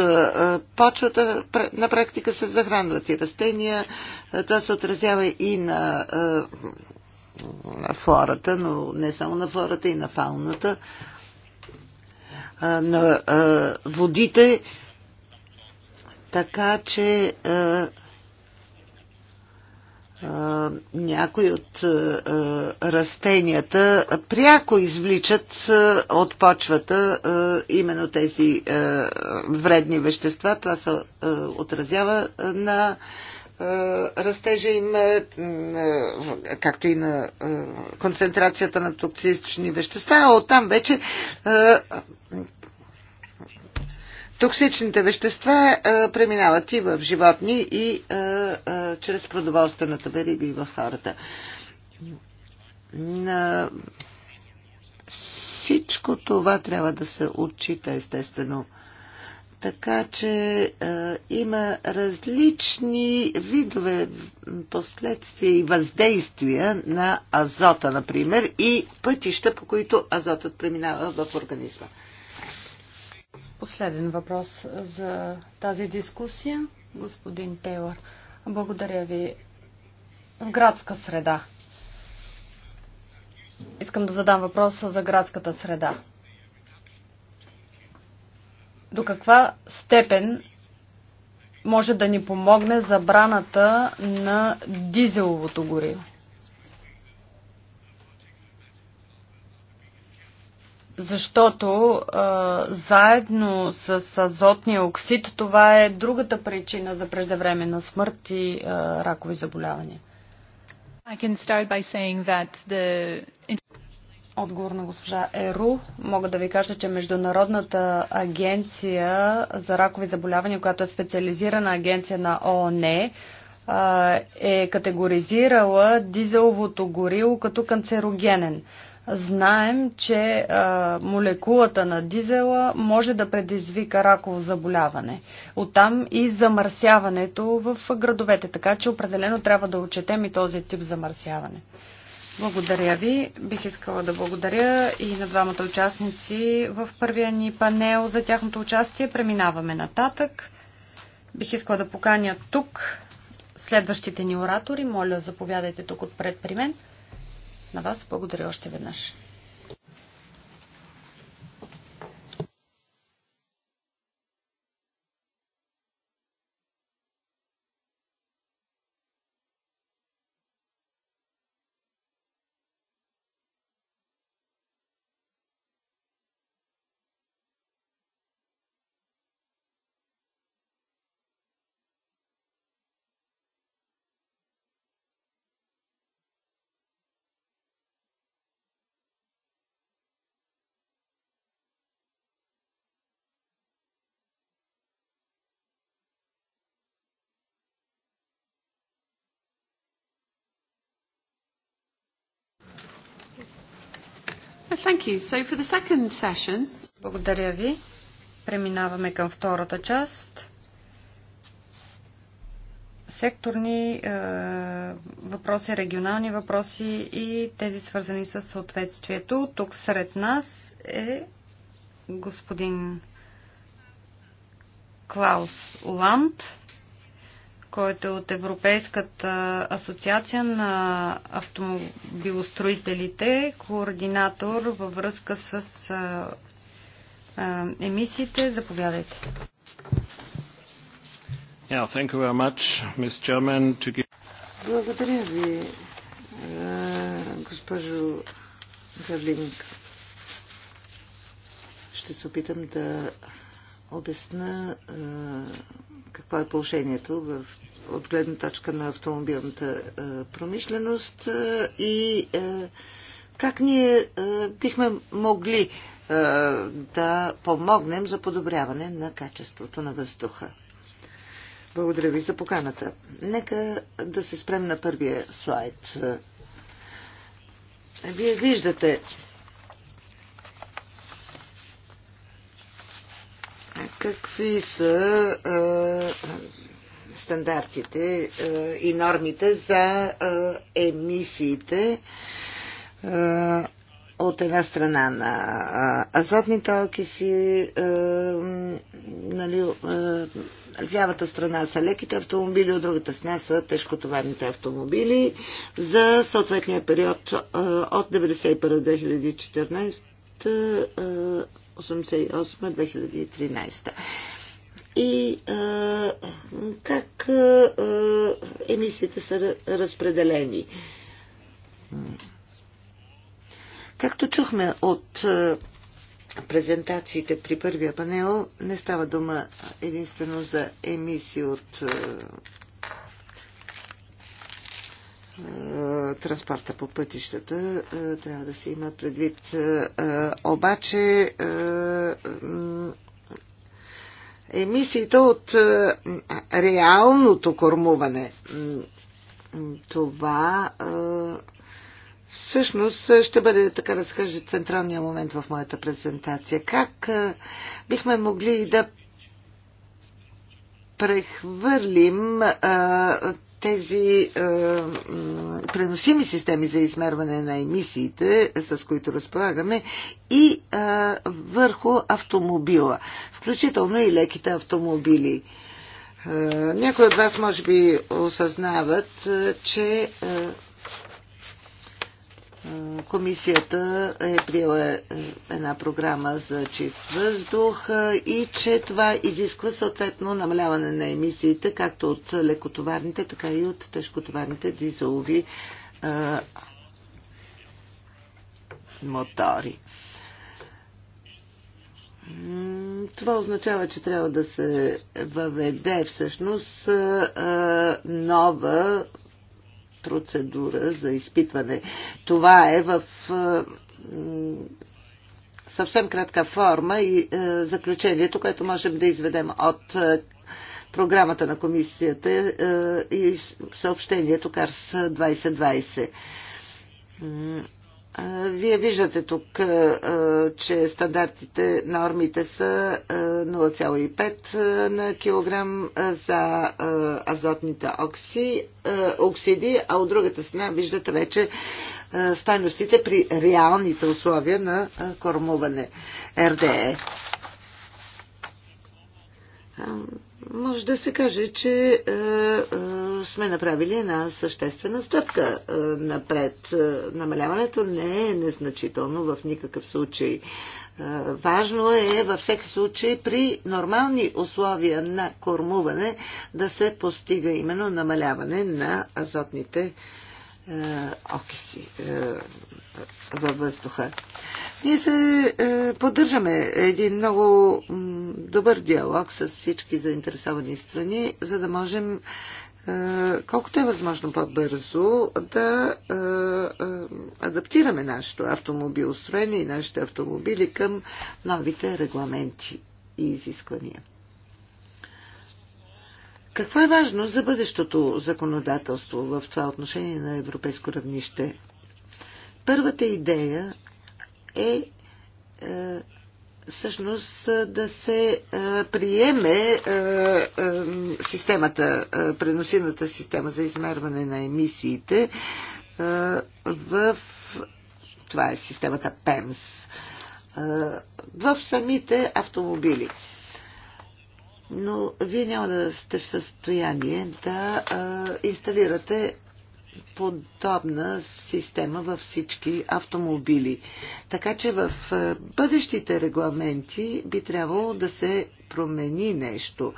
S2: почвата на практика се захранват и растения. Това се отразява и на, на флората, но не само на флората, и на фауната, на водите. Така че някои от растенията пряко извличат от почвата именно тези вредни вещества. Това се отразява на растежа им, както и на концентрацията на токсични вещества, а оттам вече Токсичните вещества а, е, преминават и в животни, и а, е, а, е, чрез продоволствената бериби и в хората. На... Всичко това трябва да се отчита, естествено. Така че а, е, има различни видове последствия и въздействия на азота, например, и пътища, по които азотът преминава в организма.
S1: Последен въпрос за тази дискусия, господин Тейлор. Благодаря ви. В градска среда. Искам да задам въпроса за градската среда. До каква степен може да ни помогне забраната на дизеловото гориво? защото а, заедно с азотния оксид това е другата причина за преждевременна смърт и а, ракови заболявания. I can start by saying that the... Отговор на госпожа Еру. Мога да ви кажа, че Международната агенция за ракови заболявания, която е специализирана агенция на ООН, е категоризирала дизеловото горило като канцерогенен. Знаем, че а, молекулата на дизела може да предизвика раково заболяване. Оттам и замърсяването в градовете, така че определено трябва да отчетем и този тип замърсяване. Благодаря ви. Бих искала да благодаря и на двамата участници в първия ни панел за тяхното участие. Преминаваме нататък. Бих искала да поканя тук следващите ни оратори. Моля, заповядайте тук отпред при мен на вас. Благодаря още веднъж. thank you. So for the second session... Благодаря ви. Преминаваме към втората част. Секторни е, въпроси, регионални въпроси и тези свързани с съответствието. Тук сред нас е господин Клаус Ланд който е от Европейската асоциация на автомобилостроителите, координатор във връзка с емисиите. Заповядайте.
S3: Yeah, thank you very much, Ms. to give...
S2: Благодаря ви, госпожо Галинг. Ще се опитам да обясна какво е положението в, от гледна точка на автомобилната е, промишленост е, и е, как ние бихме могли да помогнем за подобряване на качеството на въздуха. Благодаря ви за поканата. Нека да се спрем на първия слайд. Вие виждате Какви са стандартите и нормите за емисиите от една страна на азотните окиси, нали, лявата страна са леките автомобили, от другата страна са тежкотоварните автомобили за съответния период от 1991-2014 88-2013. И а, как а, емисиите са разпределени? Както чухме от презентациите при първия панел, не става дума единствено за емисии от транспорта по пътищата е, трябва да се има предвид. Е, е, обаче емисиите от реалното кормуване, това всъщност ще бъде, така да се каже, централния момент в моята презентация. Как бихме могли да прехвърлим а, тези е, преносими системи за измерване на емисиите, с които разполагаме, и е, върху автомобила, включително и леките автомобили. Е, някои от вас може би осъзнават, е, че е, комисията е приела е, една програма за чист въздух е, и че това изисква съответно намаляване на емисиите, както от лекотоварните, така и от тежкотоварните дизелови е, мотори. Това означава, че трябва да се въведе всъщност нова процедура за изпитване. Това е в е, съвсем кратка форма и е, заключението, което можем да изведем от е, програмата на комисията и съобщението КАРС 2020. Вие виждате тук, че стандартите, нормите са 0,5 на килограм за азотните окси, оксиди, а от другата страна виждате вече стойностите при реалните условия на кормуване РДЕ може да се каже, че е, е, сме направили една съществена стъпка е, напред. Е, намаляването не е незначително в никакъв случай. Е, важно е във всеки случай при нормални условия на кормуване да се постига именно намаляване на азотните е, е, окиси е, във въздуха. Ние се е, поддържаме един много добър диалог с всички заинтересовани страни, за да можем колкото е възможно по-бързо да адаптираме нашето автомобилостроение и нашите автомобили към новите регламенти и изисквания. Какво е важно за бъдещото законодателство в това отношение на европейско равнище? Първата идея е, е всъщност да се е, приеме е, е, системата, е, преносимата система за измерване на емисиите е, в това е системата ПЕМС е, в самите автомобили но вие няма да сте в състояние да инсталирате подобна система във всички автомобили. Така че в бъдещите регламенти би трябвало да се промени нещо,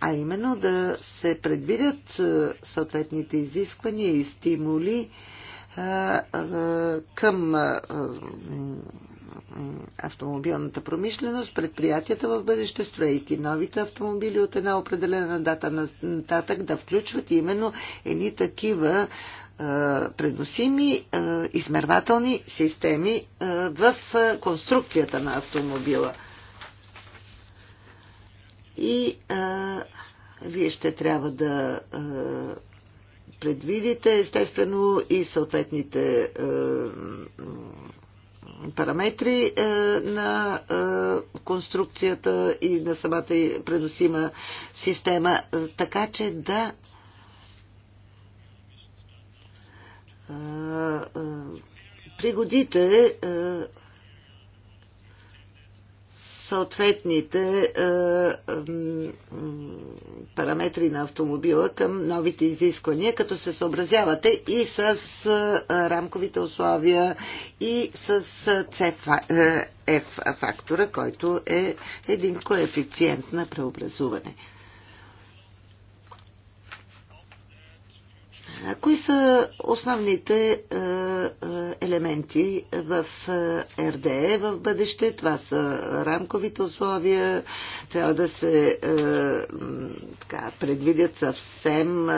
S2: а именно да се предвидят съответните изисквания и стимули към автомобилната промишленост, предприятията в бъдеще, строейки новите автомобили от една определена дата нататък, да включват именно едни такива преносими измервателни системи в конструкцията на автомобила. И а, вие ще трябва да а, предвидите, естествено, и съответните а, параметри е, на е, конструкцията и на самата преносима система, е, така че да пригодите съответните е, параметри на автомобила към новите изисквания, като се съобразявате и с е, рамковите условия и с CF е, фактора, който е един коефициент на преобразуване. Кои са основните е, е, елементи в е, РДЕ в бъдеще? Това са рамковите условия. Трябва да се така, предвидят съвсем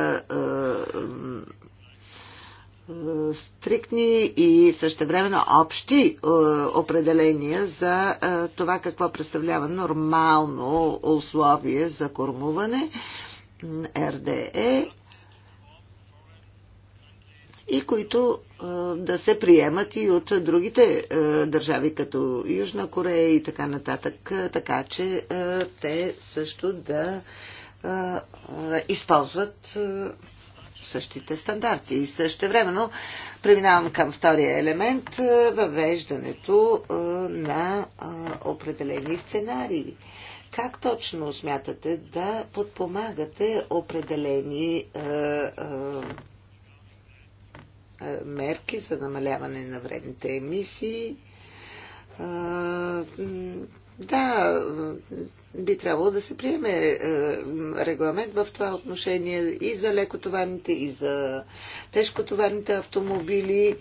S2: стриктни и същевременно общи определения за това какво представлява нормално условие за кормуване. РДЕ и които да се приемат и от другите държави, като Южна Корея и така нататък, така че те също да използват същите стандарти. И също времено преминавам към втория елемент въвеждането на определени сценарии. Как точно смятате да подпомагате определени е, мерки за намаляване на вредните емисии. Е, да, би трябвало да се приеме е, регламент в това отношение и за лекотоварните, и за тежкотоварните автомобили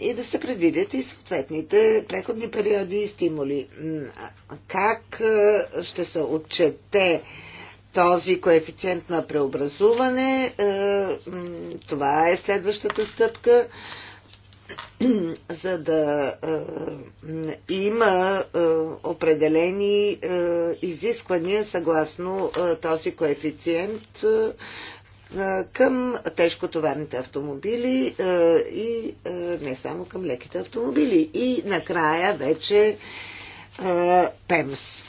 S2: и да се предвидят и съответните преходни периоди и стимули. Как ще се отчете този коефициент на преобразуване. Е, това е следващата стъпка, за да е, има е, определени изисквания съгласно този коефициент към тежкотоварните автомобили и не само към леките автомобили. И накрая вече ПЕМС.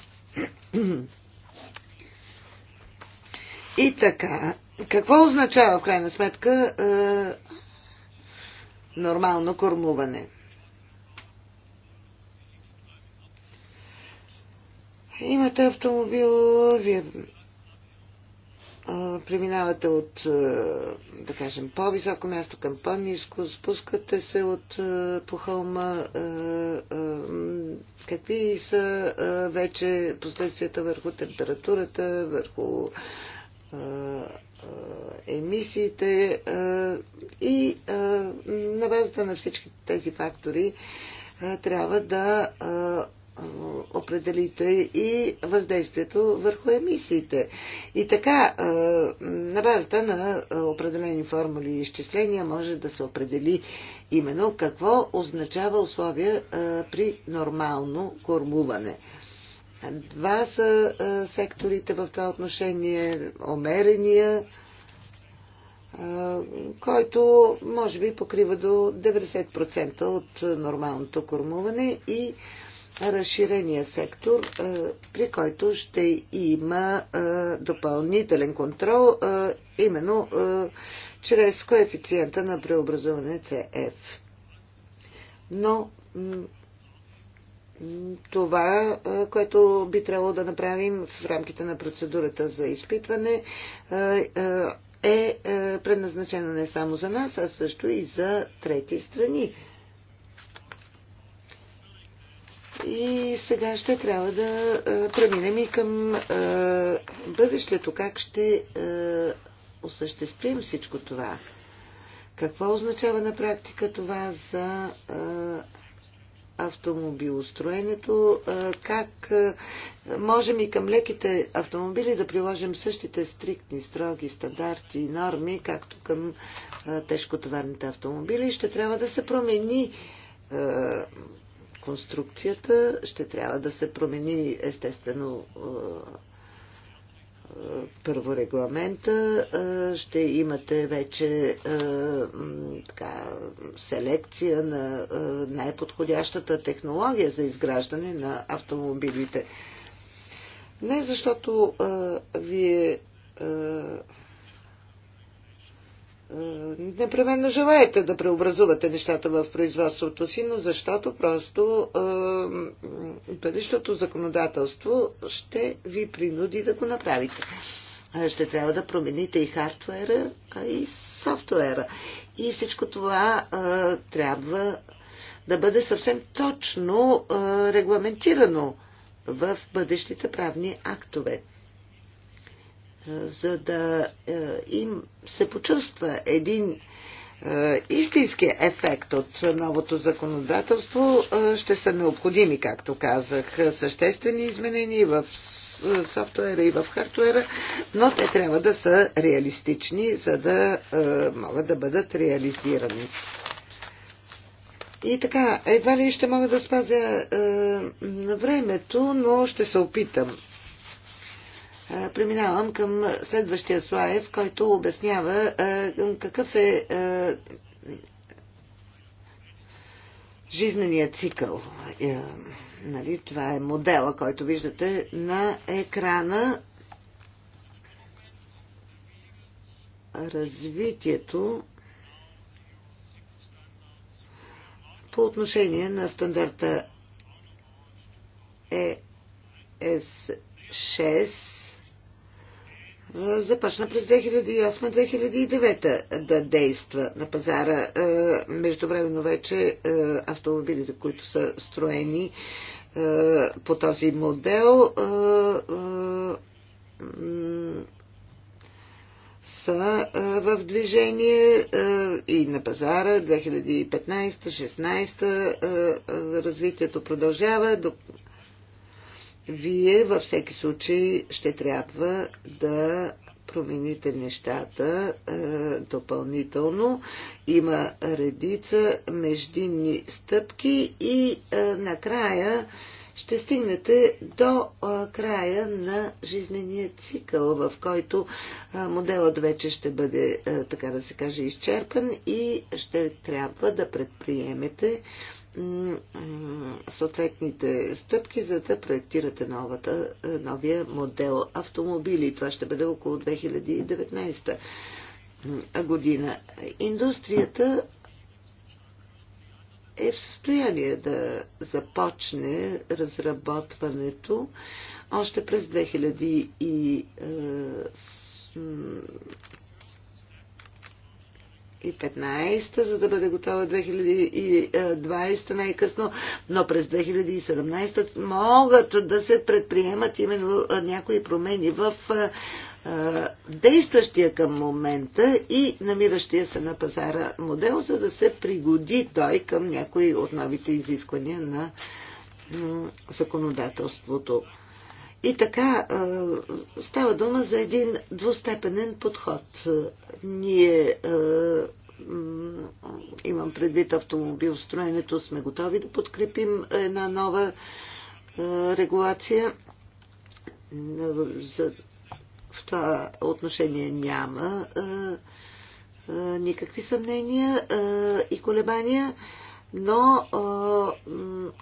S2: И така, какво означава в крайна сметка е, нормално кормуване? Имате автомобил, вие е, преминавате от, е, да кажем, по-високо място към по-низко, спускате се от е, по хълма. Какви са вече последствията върху температурата, върху е, емисиите е, и е, на базата на всички тези фактори трябва да определите и въздействието върху емисиите. И така, на базата на определени формули и изчисления може да се определи именно какво означава условия при нормално кормуване. Два са секторите в това отношение. Омерения, който може би покрива до 90% от нормалното кормуване и разширения сектор, при който ще има допълнителен контрол, именно чрез коефициента на преобразуване CF. Но това, е, което би трябвало да направим в рамките на процедурата за изпитване, е, е, е предназначено не само за нас, а също и за трети страни. И сега ще трябва да преминем и към бъдещето. Как ще осъществим всичко това? Какво означава на практика това за автомобилостроенето, как можем и към леките автомобили да приложим същите стриктни, строги стандарти и норми, както към тежкотоварните автомобили. Ще трябва да се промени конструкцията, ще трябва да се промени естествено първо регламента, ще имате вече така, селекция на най-подходящата технология за изграждане на автомобилите. Не защото вие е, непременно желаете да преобразувате нещата в производството си, но защото просто е, бъдещото законодателство ще ви принуди да го направите. Е, ще трябва да промените и хардвера, а и софтуера. И всичко това е, трябва да бъде съвсем точно е, регламентирано в бъдещите правни актове за да е, им се почувства един е, истински ефект от новото законодателство, е, ще са необходими, както казах, съществени изменения в софтуера и в хардуера, но те трябва да са реалистични, за да могат да бъдат реализирани. И така, едва ли ще мога да спазя е, времето, но ще се опитам. Преминавам към следващия слайд, който обяснява какъв е жизненият цикъл. Нали, това е модела, който виждате на екрана. Развитието по отношение на стандарта ES6 е е, започна през 2008-2009 да действа на пазара. Е, междувременно вече е, автомобилите, които са строени по този модел, са в движение и на пазара 2015 2016 развитието продължава вие във всеки случай ще трябва да промените нещата е, допълнително. Има редица междинни стъпки и е, накрая ще стигнете до е, края на жизнения цикъл, в който е, моделът вече ще бъде, е, така да се каже, изчерпан и ще трябва да предприемете е, съответните стъпки, за да проектирате новата, е, новия модел автомобили. Това ще бъде около 2019 година. Индустрията е в състояние да започне разработването още през 2000 и, е, 2015, за да бъде готова 2020 най-късно, но през 2017 могат да се предприемат именно някои промени в действащия към момента и намиращия се на пазара модел, за да се пригоди той към някои от новите изисквания на законодателството. И така става дума за един двустепенен подход. Ние имам предвид автомобилстроенето, сме готови да подкрепим една нова регулация. За, в това отношение няма никакви съмнения и колебания. Но,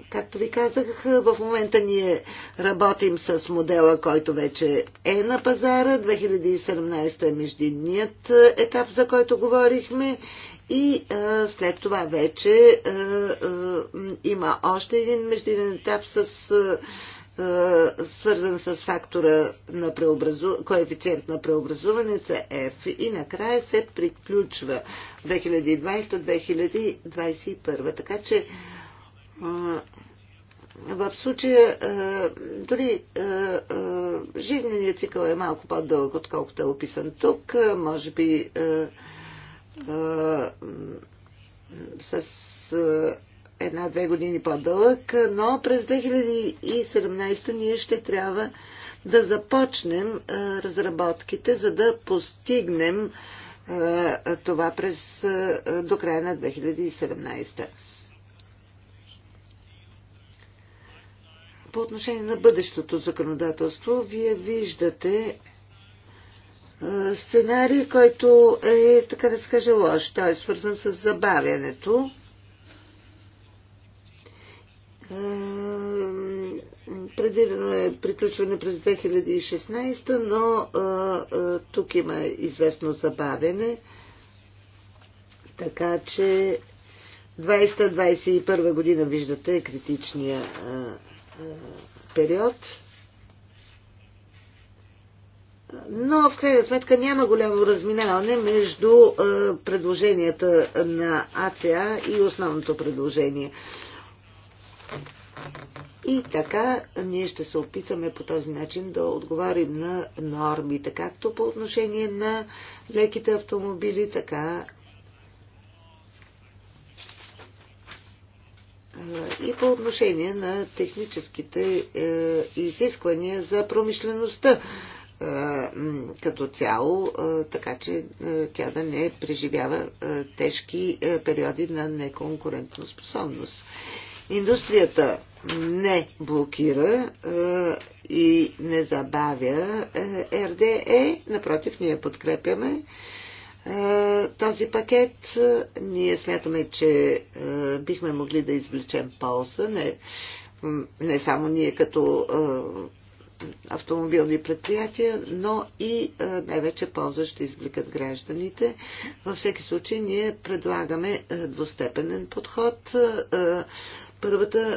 S2: както ви казах, в момента ние работим с модела, който вече е на пазара. 2017 е междинният етап, за който говорихме. И а, след това вече а, а, има още един междинен етап с а, свързан с фактора на преобразу... коефициент на преобразуване CF и накрая се приключва 2020-2021. Така че в случая дори жизненият цикъл е малко по-дълъг, отколкото е описан тук. Може би с една-две години по-дълъг, но през 2017 ние ще трябва да започнем разработките, за да постигнем това през, до края на 2017. По отношение на бъдещото законодателство, вие виждате сценарий, който е, така да се каже, лош. Той е свързан с забавянето Предвидено е приключване през 2016, но тук има известно забавене, така че 2021 година, виждате, е критичния период. Но в крайна сметка няма голямо разминаване между предложенията на АЦА и основното предложение. И така ние ще се опитаме по този начин да отговорим на нормите, както по отношение на леките автомобили, така и по отношение на техническите изисквания за промишлеността като цяло, така че тя да не преживява тежки периоди на неконкурентоспособност. способност. Индустрията не блокира и не забавя РДЕ. Напротив, ние подкрепяме този пакет. Ние смятаме, че бихме могли да извлечем полза. Не, не само ние като автомобилни предприятия, но и най-вече полза ще извлекат гражданите. Във всеки случай ние предлагаме двустепенен подход. Първата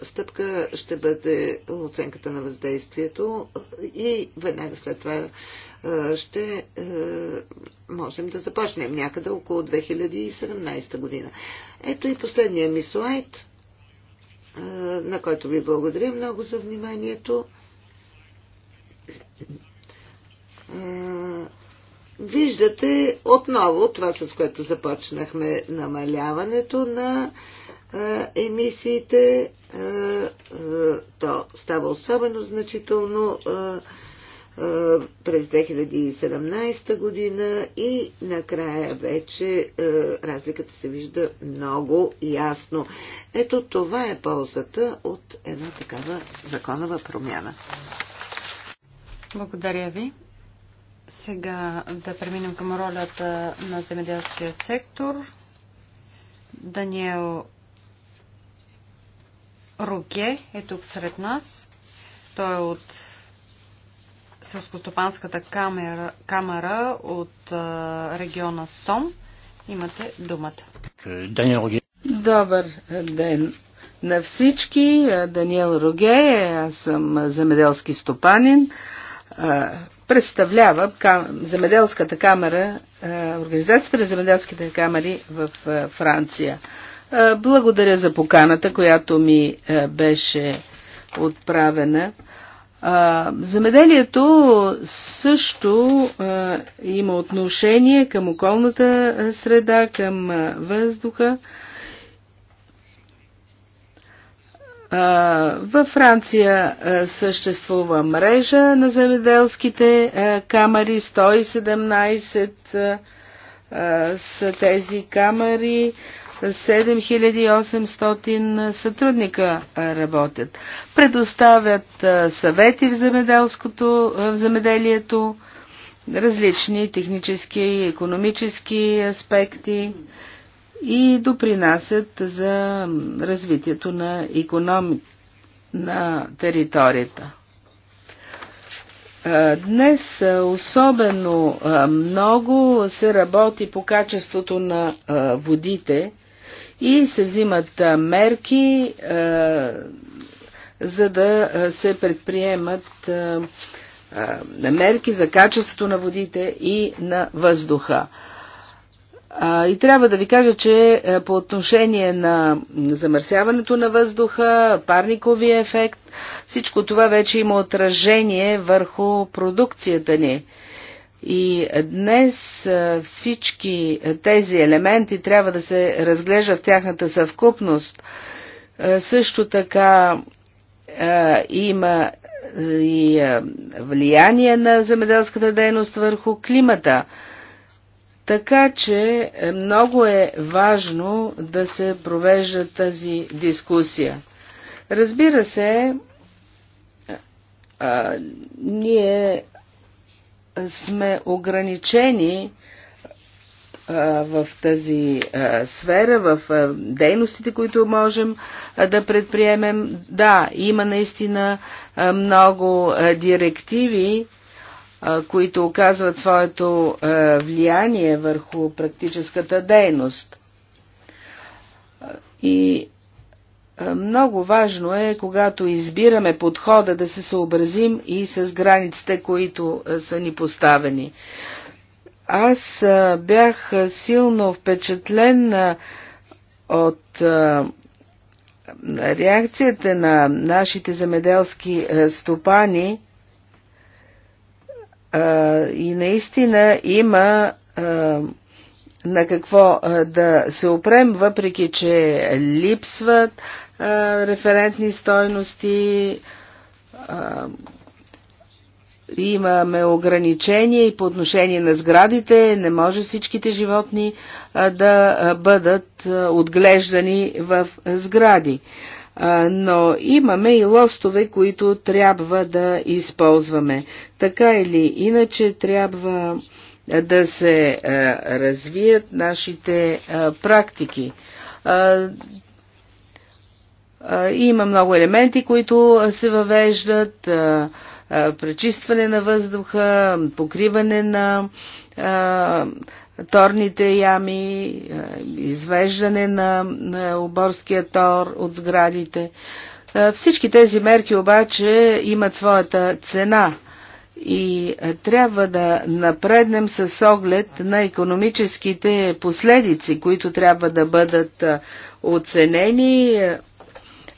S2: а, стъпка ще бъде оценката на въздействието и веднага след това а, ще а, можем да започнем някъде около 2017 година. Ето и последния ми слайд, а, на който ви благодаря много за вниманието. Виждате отново това, с което започнахме намаляването на емисиите. То става особено значително през 2017 година и накрая вече разликата се вижда много ясно. Ето това е ползата от една такава законова промяна.
S1: Благодаря ви. Сега да преминем към ролята на земеделския сектор. Даниел Руке е тук сред нас. Той е от Селскостопанската камера, камера от региона Сом. Имате думата. Добър ден на
S3: всички. Даниел Роге, аз съм земеделски стопанин. представлявам земеделската камера, Организацията на земеделските камери в Франция. Е, благодаря за поканата, която ми е, беше отправена. Е, замеделието също има отношение към околната среда, към въздуха. Във Франция съществува мрежа на земеделските камери, 117 са тези камери. 7800 сътрудника работят. Предоставят съвети в, в земеделието, различни технически и економически аспекти и допринасят за развитието на економи на територията. Днес особено много се работи по качеството на водите и се взимат мерки, за да се предприемат мерки за качеството на водите и на въздуха. И трябва да ви кажа, че по отношение на замърсяването на въздуха, парниковия ефект, всичко това вече има отражение върху продукцията ни. И днес всички тези елементи трябва да се разглежда в тяхната съвкупност. Също така има и влияние на земеделската дейност върху климата. Така че е, много е важно да се провежда тази дискусия. Разбира се, а, ние сме ограничени в тази сфера, в дейностите, които можем да предприемем. Да, има наистина много директиви, които оказват своето влияние върху практическата дейност. И е, много важно е, когато избираме подхода, да се съобразим и с границите, които е, са ни поставени. Аз е, бях силно впечатлен от реакцията на нашите земеделски стопани и наистина има на какво да се опрем, въпреки че липсват референтни стойности, имаме ограничения и по отношение на сградите, не може всичките животни да бъдат отглеждани в сгради. Но имаме и лостове, които трябва да използваме. Така или иначе трябва да се развият нашите практики. Има много елементи, които се въвеждат. Пречистване на въздуха, покриване на торните ями, извеждане на, на оборския тор от сградите. Всички тези мерки обаче имат своята цена и трябва да напреднем с оглед на економическите последици, които трябва да бъдат оценени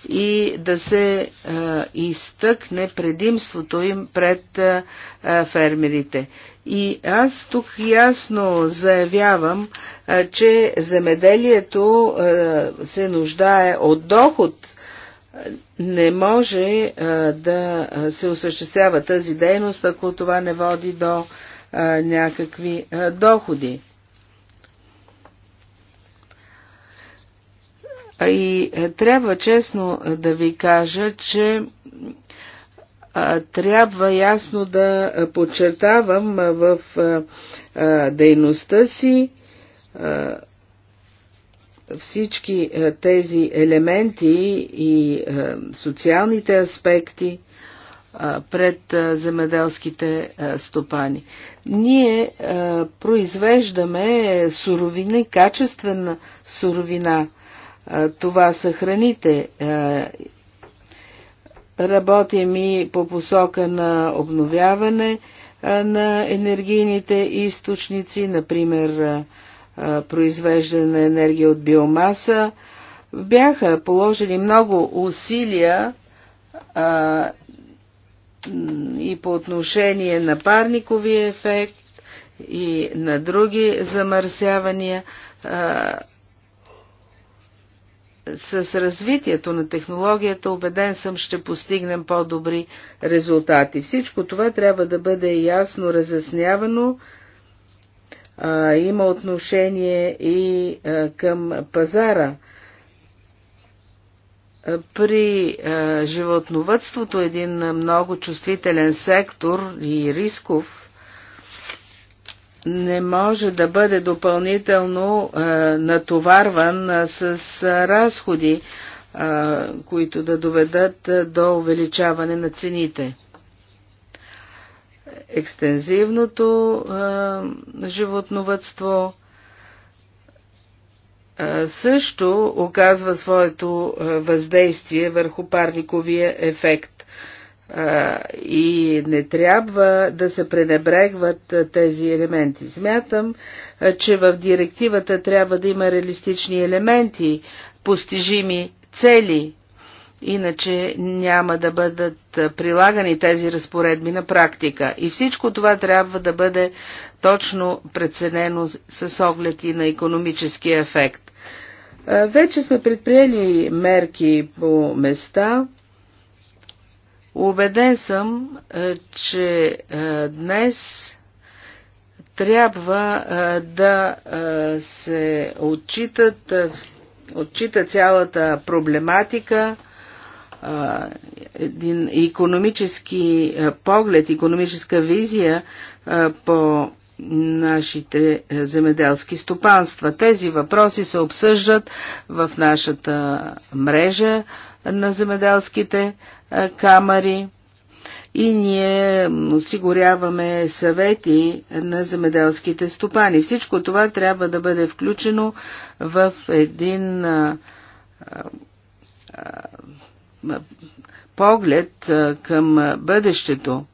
S3: и да се а, изтъкне предимството им пред а, а, фермерите. И аз тук ясно заявявам, а, че земеделието а, се нуждае от доход. Не може а, да се осъществява тази дейност, ако това не води до а, някакви а, доходи. И е, трябва честно е, да ви кажа, че е, трябва ясно да подчертавам в дейността си всички тези елементи и социалните аспекти пред земеделските стопани. Ние произвеждаме суровини, качествена суровина – това са храните. Работим и по посока на обновяване на енергийните източници, например произвеждане на енергия от биомаса. Бяха положили много усилия и по отношение на парниковия ефект и на други замърсявания. А, с развитието на технологията, убеден съм, ще постигнем по-добри резултати. Всичко това трябва да бъде ясно разяснявано. А, има отношение и а, към пазара. При а, животновътството един много чувствителен сектор и рисков не може да бъде допълнително е, натоварван е, с разходи, е, които да доведат е, до увеличаване на цените. Екстензивното е, животновътство е, също оказва своето въздействие върху парниковия ефект и не трябва да се пренебрегват тези елементи. Смятам, че в директивата трябва да има реалистични елементи, постижими цели, иначе няма да бъдат прилагани тези разпоредби на практика. И всичко това трябва да бъде точно преценено с оглед и на економическия ефект. Вече сме предприели мерки по места Убеден съм, е, че е, днес трябва е, да се отчитат, отчита цялата проблематика, един економически поглед, економическа визия по нашите земеделски стопанства. Тези въпроси се обсъждат в нашата мрежа на земеделските камери и ние осигуряваме съвети на земеделските стопани. Всичко това трябва да бъде включено в един а, а, поглед а, към бъдещето.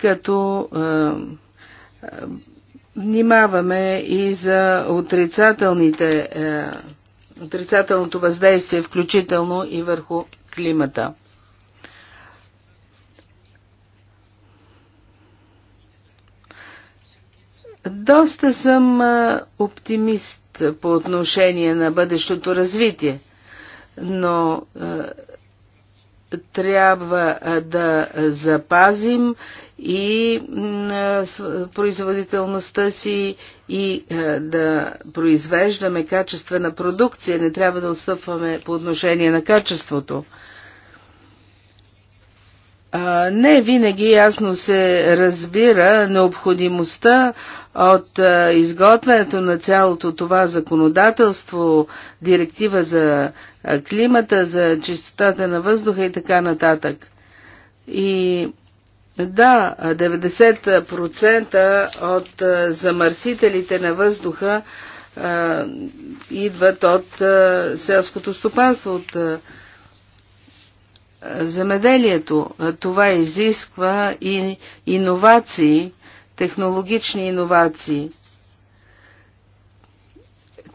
S3: Като внимаваме и за отрицателните отрицателното въздействие, включително и върху климата. Доста съм оптимист по отношение на бъдещото развитие, но трябва да запазим и производителността си и е, да произвеждаме качествена продукция. Не трябва да отстъпваме по отношение на качеството. Не винаги ясно се разбира необходимостта от е, изготвянето на цялото това законодателство, директива за е, климата, за чистотата на въздуха и така нататък. И да, 90% от замърсителите на въздуха а, идват от а, селското стопанство, от а, земеделието. Това изисква и иновации, технологични иновации.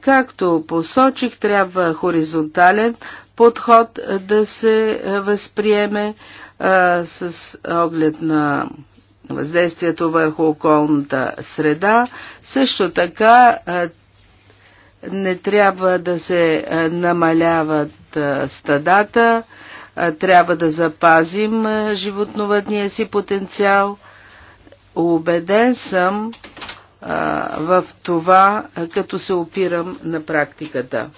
S3: Както посочих, трябва хоризонтален подход да се възприеме, а, с оглед на въздействието върху околната среда. Също така а, не трябва да се намаляват стадата, трябва да запазим животновътния си потенциал. Обеден съм в това, като се опирам на практиката.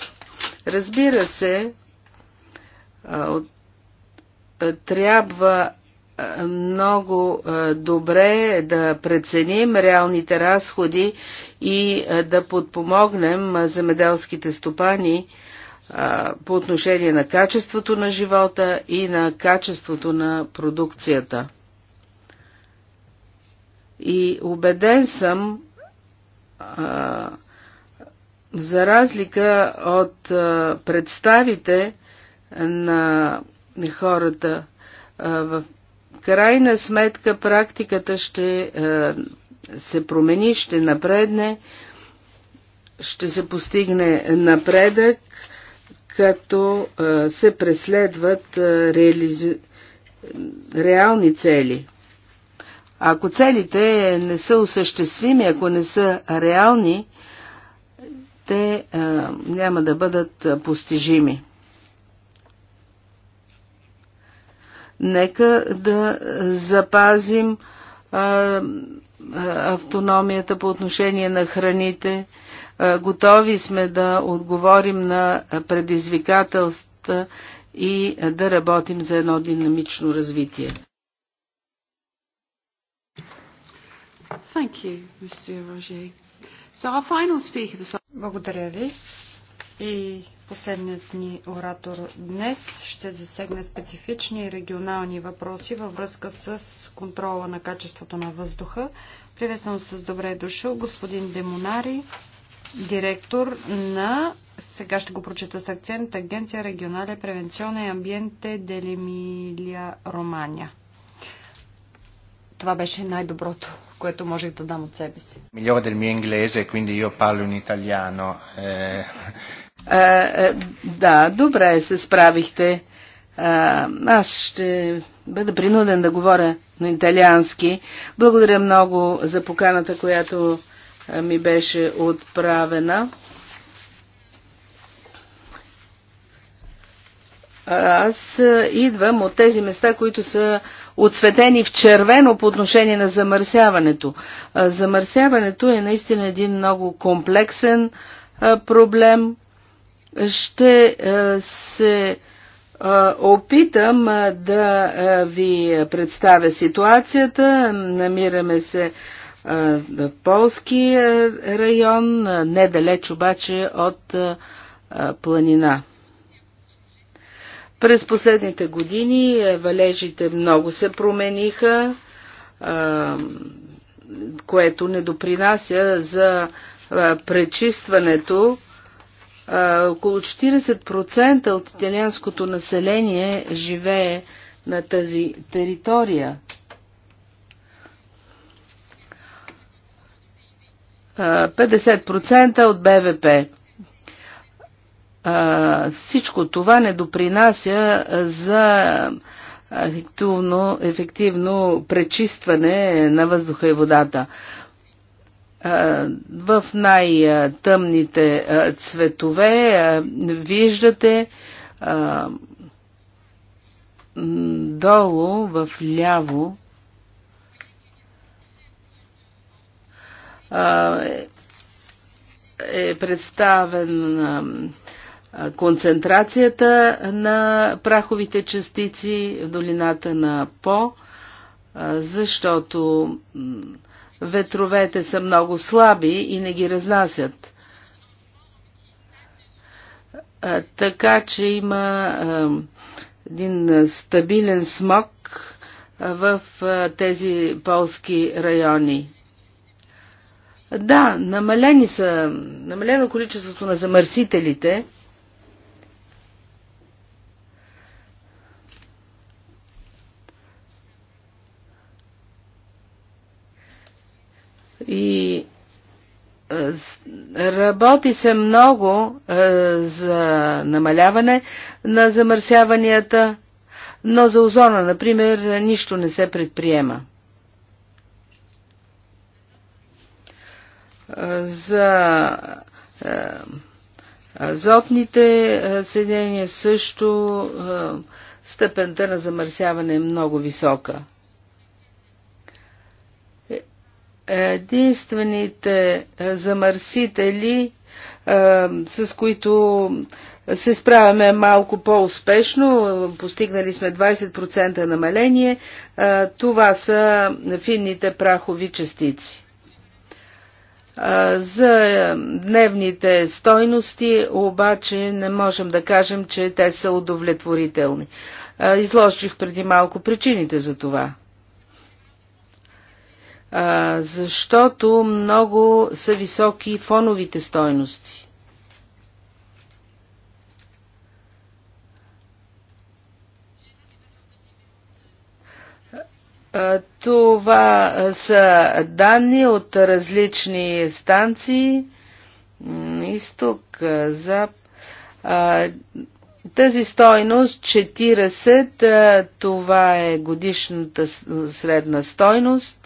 S3: Разбира се, от трябва много добре да преценим реалните разходи и да подпомогнем земеделските стопани по отношение на качеството на живота и на качеството на продукцията. И убеден съм, за разлика от представите на хората. В крайна сметка практиката ще се промени, ще напредне, ще се постигне напредък, като се преследват реализи... реални цели. Ако целите не са осъществими, ако не са реални, те а, няма да бъдат постижими. Нека да запазим автономията по отношение на храните. Готови сме да отговорим на предизвикателства и да работим за едно динамично развитие.
S1: Благодаря ви. И Последният ни оратор днес ще засегне специфични и регионални въпроси във връзка с контрола на качеството на въздуха. Приветствам с добре е дошъл господин Демонари, директор на, сега ще го прочета с акцент, Агенция регионале превенционе и амбиенте Делемилия Романия. Това беше най-доброто, което можех да дам от себе си. Migliore дел mio inglese, quindi io parlo in italiano. Eh... Е, е,
S3: да, добре се справихте. Е, аз ще бъда принуден да говоря на италиански. Благодаря много за поканата, която ми беше отправена. Аз идвам от тези места, които са отсветени в червено по отношение на замърсяването. Замърсяването е наистина един много комплексен проблем, ще е, се е, опитам е, да ви представя ситуацията. Намираме се в полски район, недалеч обаче от планина. През последните години валежите много се промениха, което не допринася за пречистването около 40% от италианското население живее на тази територия. А, 50% от БВП. А, всичко това не допринася за ефективно, ефективно пречистване на въздуха и водата в най-тъмните цветове виждате долу в ляво е, е представен концентрацията на праховите частици в долината на По, защото ветровете са много слаби и не ги разнасят. Така че има един стабилен смог в тези полски райони. Да, намалени са, намалено количеството на замърсителите, Е, работи се много е, за намаляване на замърсяванията, но за озона, например, нищо не се предприема. Е, за азотните съединения също степента на замърсяване е много висока. единствените е, замърсители, е, с които се справяме малко по-успешно, постигнали сме 20% намаление, е, това са финните прахови частици. За дневните стойности обаче не можем да кажем, че те са удовлетворителни. Изложих преди малко причините за това защото много са високи фоновите стойности. Това са данни от различни станции, изток, зап. Тази стойност 40, това е годишната средна стойност.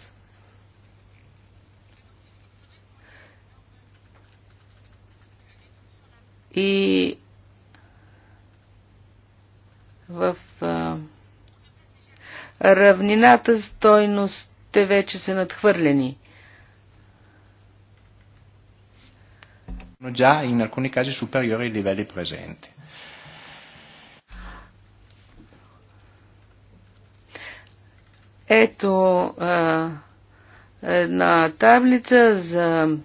S3: И в а, равнината стойностите вече са надхвърлени.
S1: già и на casi супериори ai livelli presenti.
S3: Ето а, една таблица за,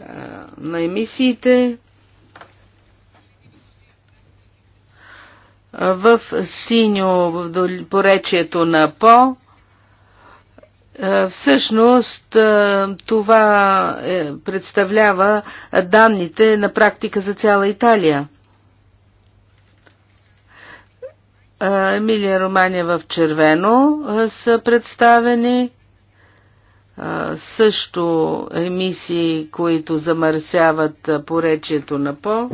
S3: а, на емисиите в синьо поречието на По. Е, всъщност е, това е, представлява данните на практика за цяла Италия. Емилия Романия в червено са представени. Също емисии, които замърсяват поречието на По.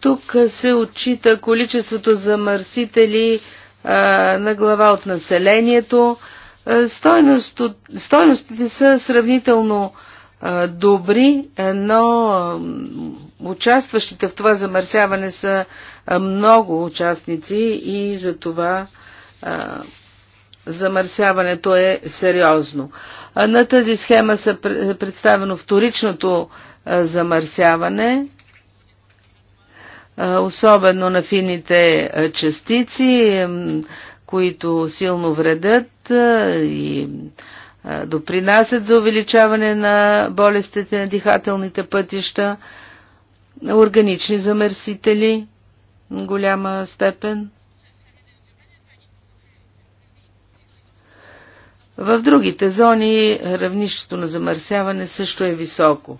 S3: Тук се отчита количеството замърсители на глава от населението. стойностите са сравнително добри, но участващите в това замърсяване са много участници и за това замърсяването е сериозно. На тази схема са представено вторичното замърсяване особено на фините частици, които силно вредят и допринасят за увеличаване на болестите на дихателните пътища, органични замърсители в голяма степен. В другите зони равнището на замърсяване също е високо.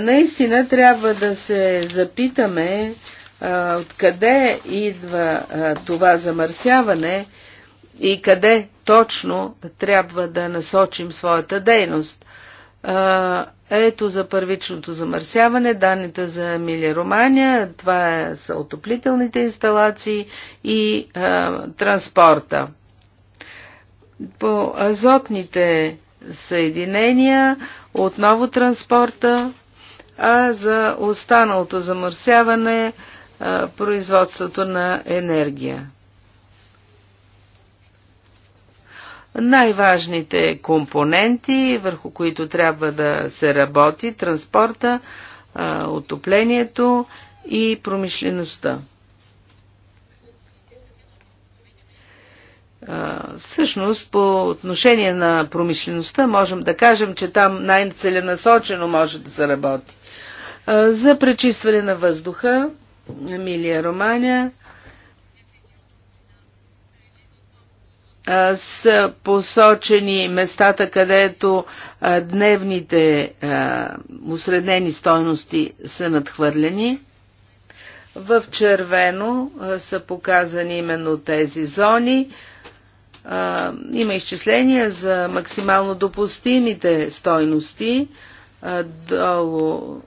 S3: Наистина трябва да се запитаме откъде идва това замърсяване и къде точно трябва да насочим своята дейност. Ето за първичното замърсяване, данните за Емилия Романия, това е, са отоплителните инсталации и а, транспорта. По азотните съединения, отново транспорта, а за останалото замърсяване производството на енергия. Най-важните компоненти, върху които трябва да се работи, транспорта, отоплението и промишлеността. Всъщност, по отношение на промишлеността, можем да кажем, че там най-целенасочено може да се работи. За пречистване на въздуха, Емилия Романя са посочени местата, където дневните усреднени стойности са надхвърлени. В червено са показани именно тези зони. Има изчисления за максимално допустимите стойности. Долу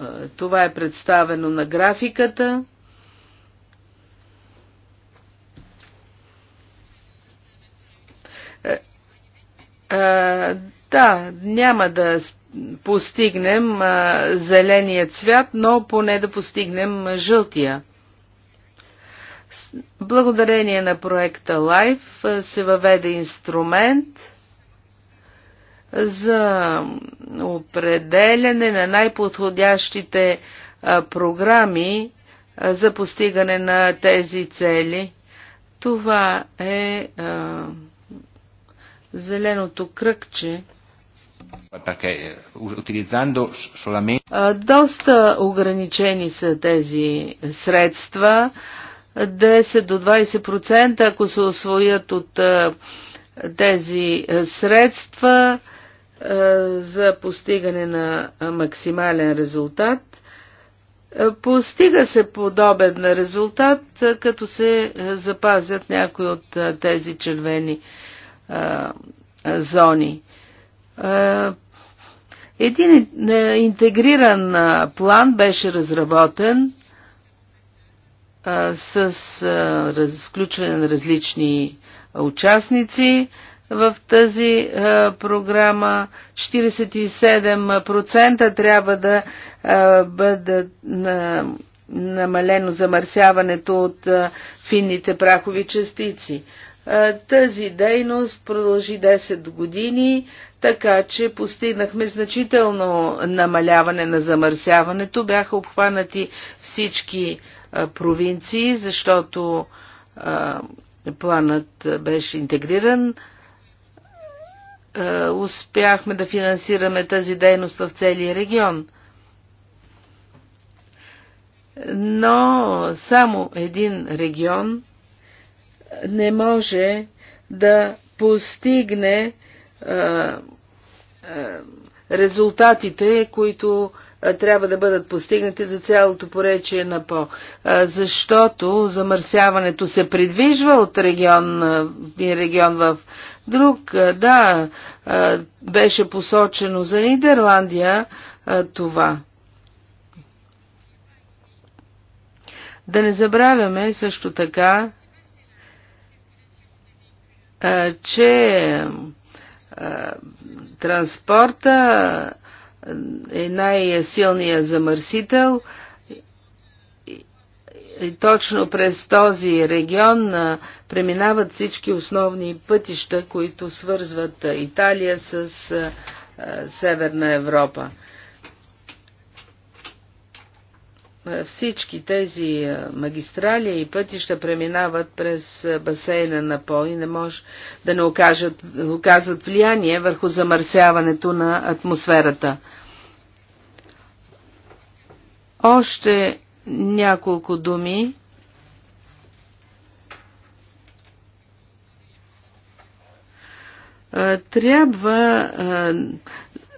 S3: е, това е представено на графиката. Е, е, да, няма да постигнем зеления цвят, но поне да постигнем жълтия. Благодарение на проекта LIFE се въведе инструмент – за определяне на най-подходящите програми за постигане на тези цели. Това е а, зеленото кръгче. А, доста ограничени са тези средства. 10 до 20%, ако се освоят от а, тези средства, е, за постигане на максимален резултат. Е, постига се подобен резултат, е, като се запазят някои от тези червени зони. Един интегриран план беше разработен с включване на различни участници, в тази а, е, програма 47% трябва да а, е, на, е, намалено замърсяването от а, финните прахови частици. А, тази дейност продължи 10 години, така че постигнахме значително намаляване на замърсяването. Бяха обхванати всички а, провинции, защото а, планът беше интегриран. Е, успяхме да финансираме тази дейност в целия регион. Но само един регион не може да постигне е, е, резултатите, които трябва да бъдат постигнати за цялото поречие на По. Защото замърсяването се придвижва от регион, регион в друг. Да, беше посочено за Нидерландия това. Да не забравяме също така, че транспорта е най-силният замърсител. И точно през този регион преминават всички основни пътища, които свързват Италия с Северна Европа. Е, всички тези е, магистрали и пътища преминават през е, басейна на По и не може да не окажат, оказат влияние върху замърсяването на атмосферата. Още няколко думи. Трябва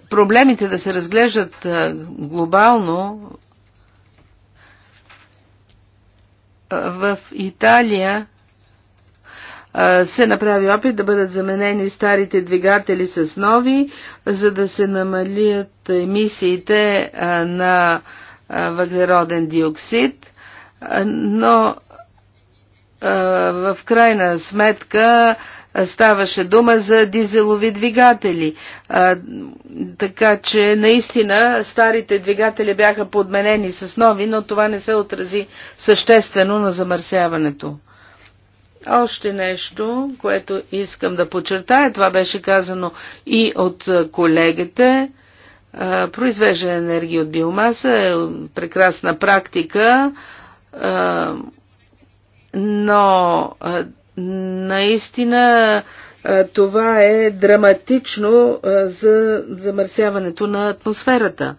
S3: проблемите да се разглеждат глобално в Италия се направи опит да бъдат заменени старите двигатели с нови, за да се намалят емисиите на въглероден диоксид, но в крайна сметка ставаше дума за дизелови двигатели. А, така че наистина старите двигатели бяха подменени с нови, но това не се отрази съществено на замърсяването. Още нещо, което искам да подчертая, това беше казано и от колегите. Произвежда произвеждане енергия от биомаса е прекрасна практика. А, но наистина това е драматично за замърсяването на атмосферата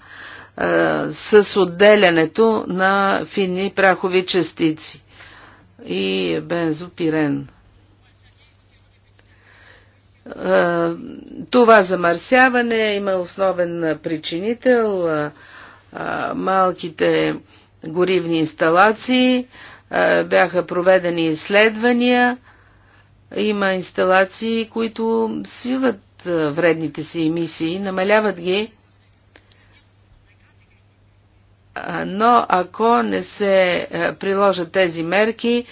S3: с отделянето на фини прахови частици и бензопирен. Това замърсяване има основен причинител малките горивни инсталации, е, бяха проведени изследвания. Има инсталации, които свиват е, вредните си емисии, намаляват ги. Но ако не се е, приложат тези мерки,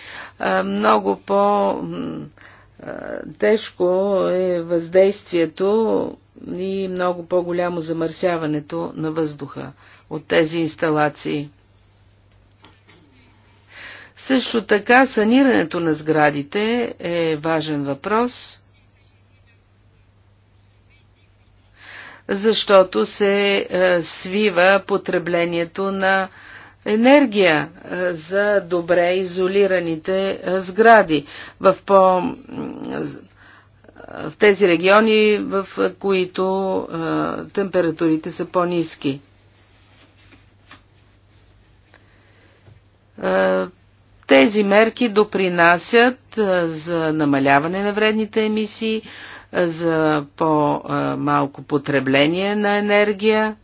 S3: много по-тежко е въздействието и много по-голямо замърсяването на въздуха от тези инсталации. Също така санирането на сградите е важен въпрос, защото се е, свива потреблението на енергия е, за добре изолираните е, сгради. В, по, в тези региони, в които температурите са по-низки. Тези мерки допринасят за намаляване на вредните емисии, за по-малко потребление на енергия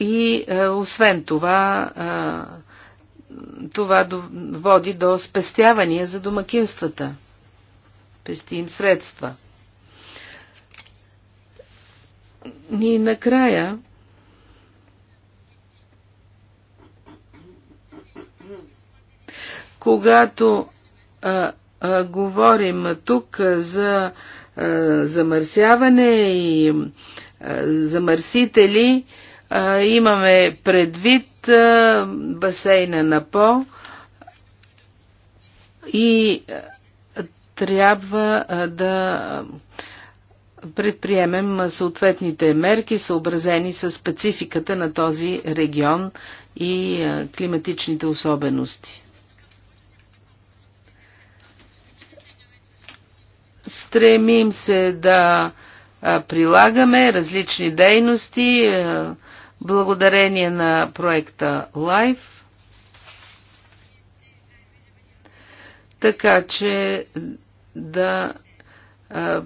S3: и освен това това води до спестявания за домакинствата. Пести им средства. И накрая Когато а, а, говорим тук за а, замърсяване и а, замърсители, а, имаме предвид а, басейна на По и а, трябва а, да предприемем съответните мерки, съобразени с спецификата на този регион и климатичните особености. Стремим се да прилагаме различни дейности благодарение на проекта ЛАЙФ, Така че да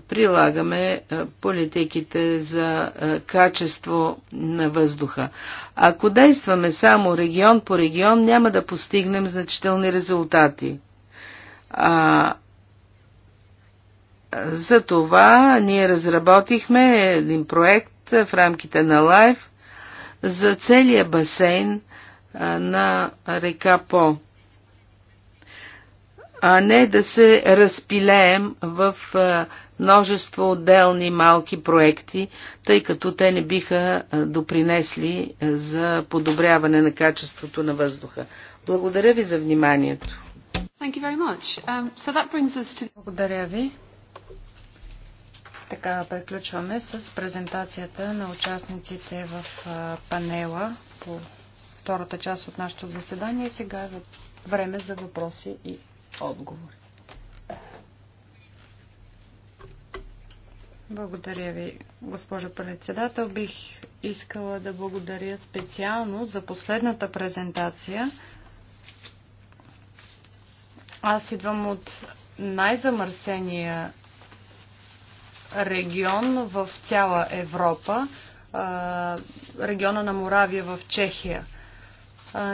S3: прилагаме политиките за качество на въздуха. Ако действаме само регион по регион, няма да постигнем значителни резултати. А за това ние разработихме един проект в рамките на Лайф за целия басейн на река По. А не да се разпилеем в множество отделни малки проекти, тъй като те не биха допринесли за подобряване на качеството на въздуха. Благодаря ви за вниманието.
S1: Um, Благодаря ви. Така, приключваме с презентацията на участниците в панела по втората част от нашето заседание. Сега е време за въпроси и отговори. Благодаря ви, госпожо председател. Бих искала да благодаря специално за последната презентация. Аз идвам от най-замърсения регион в цяла Европа, региона на Моравия в Чехия.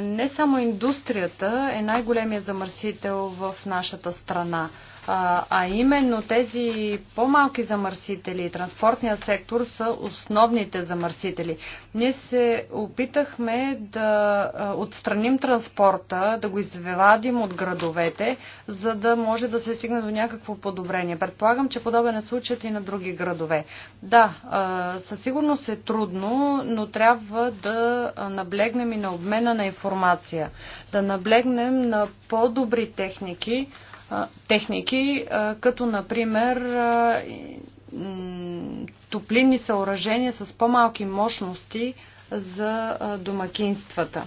S1: Не само индустрията е най-големия замърсител в нашата страна а именно тези по-малки замърсители и транспортния сектор са основните замърсители. Ние се опитахме да отстраним транспорта, да го извевадим от градовете, за да може да се стигне до някакво подобрение. Предполагам, че подобен е случаят и на други градове. Да, със сигурност е трудно, но трябва да наблегнем и на обмена на информация, да наблегнем на по-добри техники, техники, като например топлинни съоръжения с по-малки мощности за домакинствата.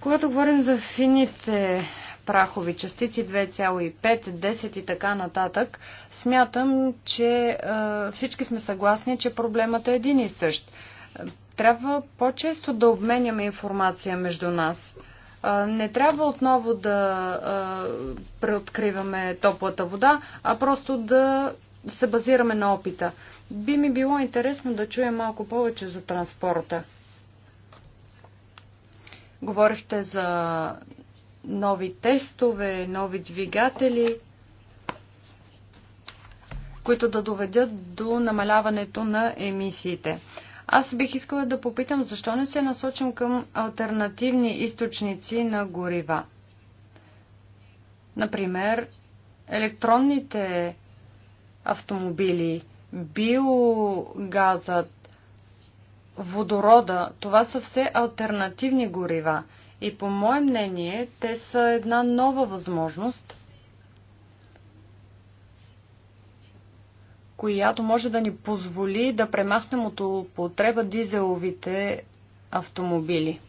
S1: Когато говорим за фините прахови частици 2,5, 10 и така нататък, смятам, че всички сме съгласни, че проблемът е един и същ. Трябва по-често да обменяме информация между нас не трябва отново да преоткриваме топлата вода, а просто да се базираме на опита. Би ми било интересно да чуя малко повече за транспорта. Говорихте за нови тестове, нови двигатели, които да доведят до намаляването на емисиите. Аз бих искала да попитам, защо не се насочим към альтернативни източници на горива? Например, електронните автомобили, биогазът, водорода, това са все альтернативни горива. И по мое мнение, те са една нова възможност която може да ни позволи да премахнем от употреба дизеловите автомобили.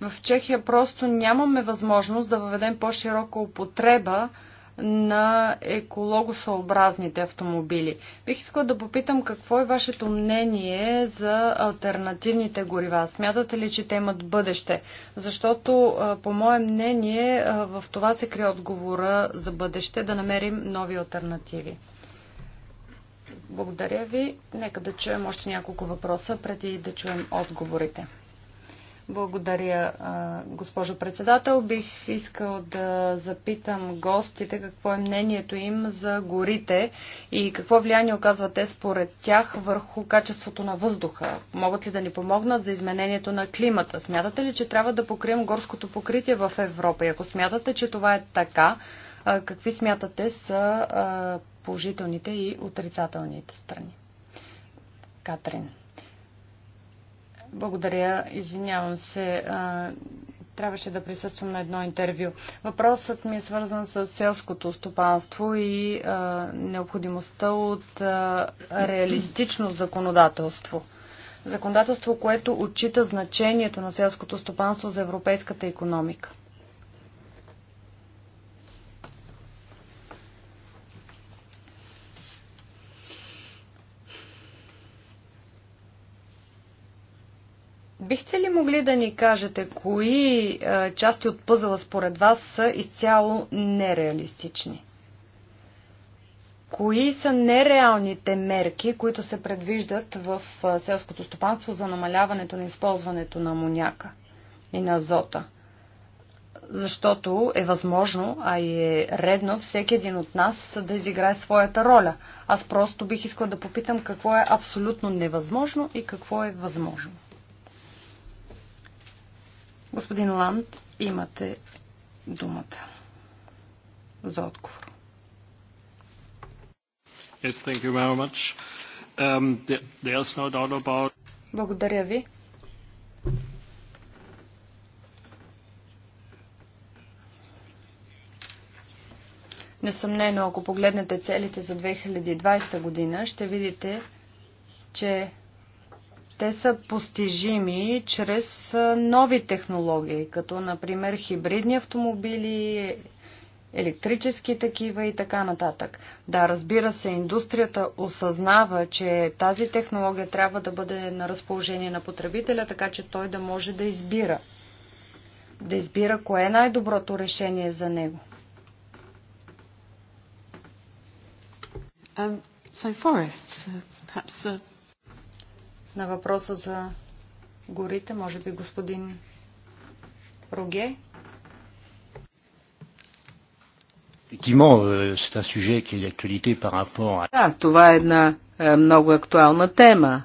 S1: В Чехия просто нямаме възможност да въведем по-широка употреба на екологосъобразните автомобили. Бих искала да попитам какво е вашето мнение за альтернативните горива. Смятате ли, че те имат бъдеще? Защото, по мое мнение, в това се крие отговора за бъдеще да намерим нови альтернативи. Благодаря ви. Нека да чуем още няколко въпроса, преди да чуем отговорите. Благодаря, госпожо председател. Бих искал да запитам гостите какво е мнението им за горите и какво влияние оказват те според тях върху качеството на въздуха. Могат ли да ни помогнат за изменението на климата? Смятате ли, че трябва да покрием горското покритие в Европа? И ако смятате, че това е така, какви смятате са положителните и отрицателните страни? Катрин. Благодаря. Извинявам се. Трябваше да присъствам на едно интервю. Въпросът ми е свързан с селското стопанство и необходимостта от реалистично законодателство. Законодателство, което отчита значението на селското стопанство за европейската економика. Бихте ли могли да ни кажете кои е, части от пъзела според вас са изцяло нереалистични? Кои са нереалните мерки, които се предвиждат в е, селското стопанство за намаляването на използването на амоняка и на азота? защото е възможно, а и е редно всеки един от нас да изиграе своята роля. Аз просто бих искала да попитам какво е абсолютно невъзможно и какво е възможно. Господин Ланд, имате думата за отговор.
S2: Yes, thank you very much.
S3: Um, there's no doubt about...
S1: Благодаря ви. Несъмнено, ако погледнете целите за 2020 година, ще видите, че те са постижими чрез нови технологии, като например хибридни автомобили, електрически такива и така нататък. Да, разбира се, индустрията осъзнава, че тази технология трябва да бъде на разположение на потребителя, така че той да може да избира. Да избира кое е най-доброто решение за него. Um, so forests, uh, perhaps uh на въпроса за горите, може би господин Роге. Euh,
S3: да, това е една е, много актуална тема.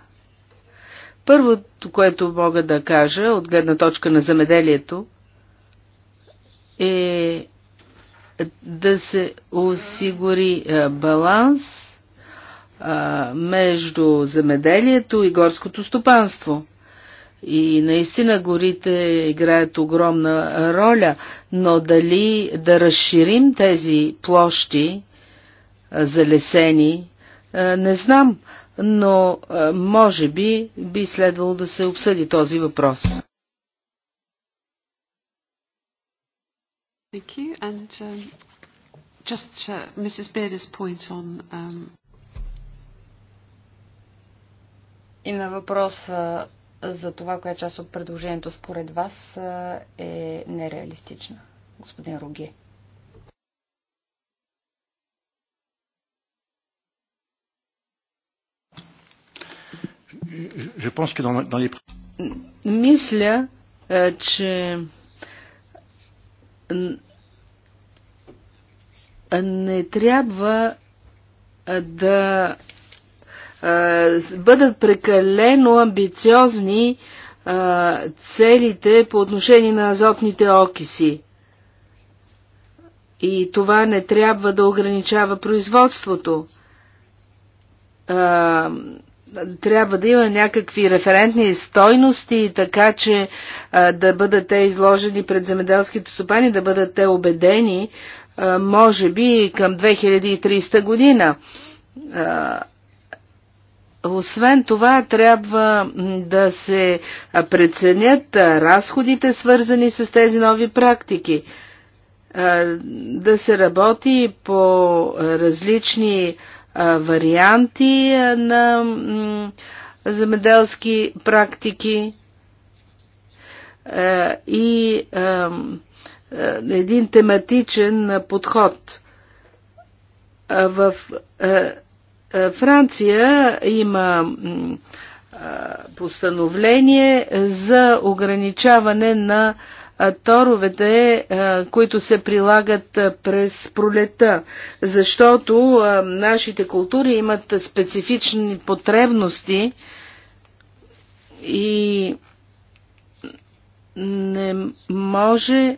S3: Първото, което мога да кажа от гледна точка на замеделието, е да се осигури е, баланс между земеделието и горското стопанство. И наистина горите играят огромна роля, но дали да разширим тези площи залесени, не знам, но може би би следвало да се обсъди този въпрос.
S2: Thank you. And um,
S1: just uh, Mrs. point on um, И на въпроса за това, коя част от предложението според вас е нереалистична, господин Роге.
S3: Мисля, че не трябва да бъдат прекалено амбициозни целите по отношение на азотните окиси. И това не трябва да ограничава производството. Трябва да има някакви референтни стойности, така че да бъдат те изложени пред земеделските стопани, да бъдат те убедени, може би към 2300 година освен това, трябва да се преценят разходите, свързани с тези нови практики. Да се работи по различни варианти на земеделски практики и един тематичен подход. В е, Франция има е, постановление за ограничаване на е, торовете, които се прилагат през пролета, защото нашите култури имат специфични потребности и не може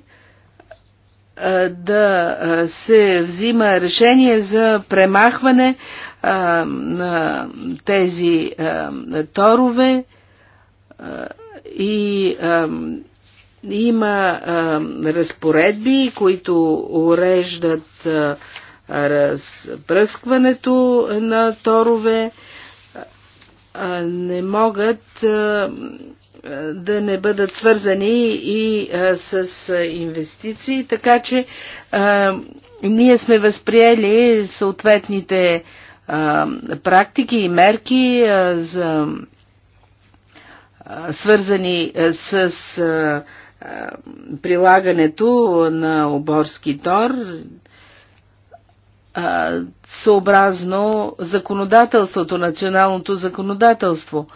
S3: да се взима решение за премахване а, на тези а, торове а, и а, има а, разпоредби, които уреждат а, разпръскването на торове. А, не могат а, да не бъдат свързани и а, с инвестиции, така че ние сме възприели съответните а, практики и мерки за свързани с прилагането на оборски тор съобразно законодателството, националното законодателство.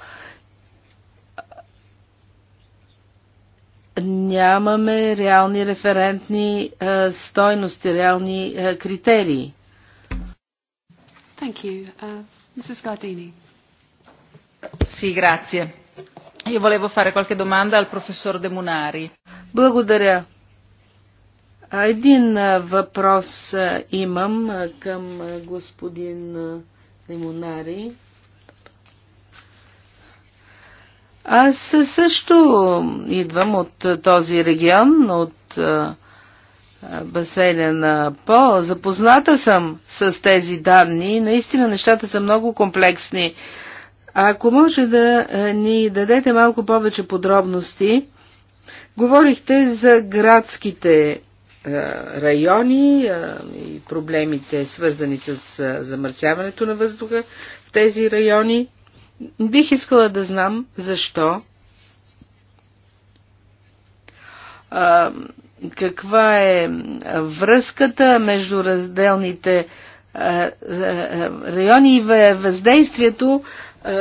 S3: Нямаме реални референтни стойности, реални критерии.
S1: Thank you. Uh, Mrs. Gardini.
S3: Sì, grazie. Io volevo fare qualche domanda al professor De Munari. Благодаря. Един въпрос имам към господин Демонари. Аз също идвам от този регион, от басейна на По. Запозната съм с тези данни. Наистина нещата са много комплексни. ако може да ни дадете малко повече подробности, говорихте за градските райони и проблемите свързани с замърсяването на въздуха в тези райони. Бих искала да знам защо каква е връзката между разделните е, е, райони и въздействието е,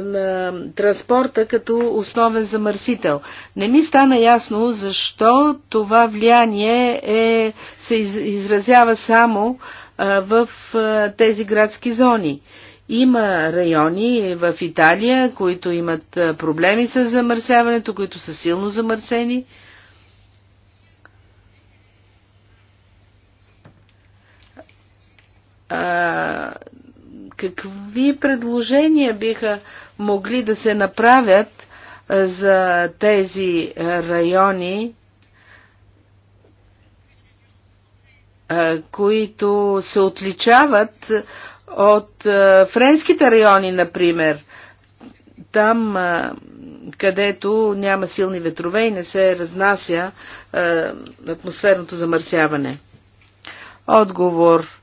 S3: на транспорта като основен замърсител. Не ми стана ясно защо това влияние е, се изразява само в тези градски зони. Има райони в Италия, които имат проблеми с замърсяването, които са силно замърсени. а, какви предложения биха могли да се направят за тези райони, които се отличават от френските райони, например, там, където няма силни ветрове и не се разнася атмосферното замърсяване. Отговор –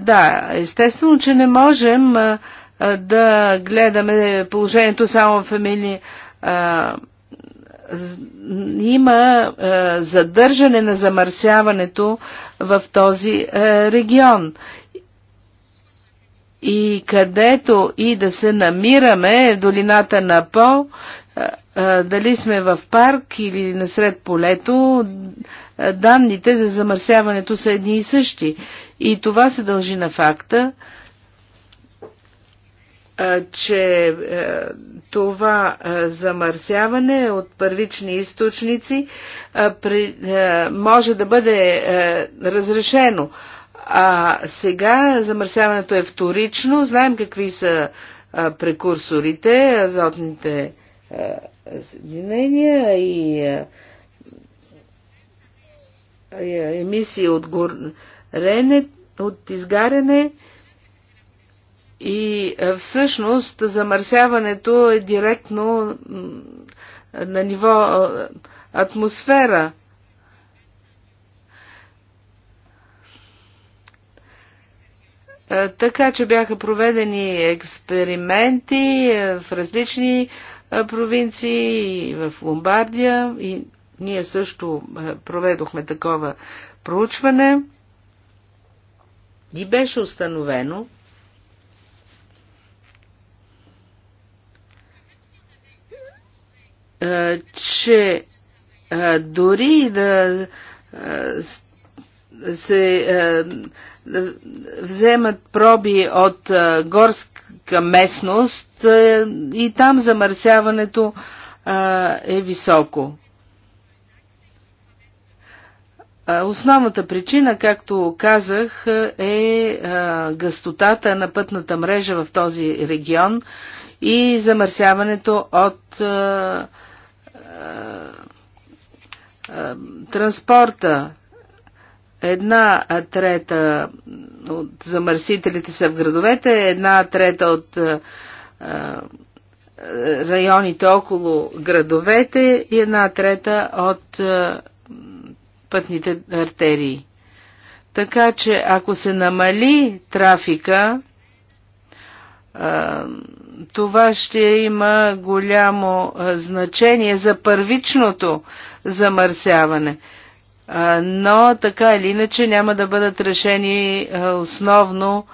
S3: да, естествено, че не можем да гледаме положението само в фамилии. Има задържане на замърсяването в този регион. И където и да се намираме в долината на По, дали сме в парк или насред полето, данните за замърсяването са едни и същи. И това се дължи на факта, че това замърсяване от първични източници може да бъде разрешено. А сега замърсяването е вторично. Знаем какви са прекурсорите, азотните съединения и емисии от горната Рене от изгаряне и е, всъщност замърсяването е директно на ниво е, атмосфера. Е, така че бяха проведени експерименти в различни провинции, в Ломбардия и ние също проведохме такова проучване. И беше установено, че дори да се вземат проби от горска местност и там замърсяването е високо. Основната причина, както казах, е гъстотата на пътната мрежа в този регион и замърсяването от транспорта. Една трета от замърсителите са в градовете, една трета от районите около градовете и една трета от пътните артерии. Така че ако се намали трафика, това ще има голямо значение за първичното замърсяване. Но така или иначе няма да бъдат решени основно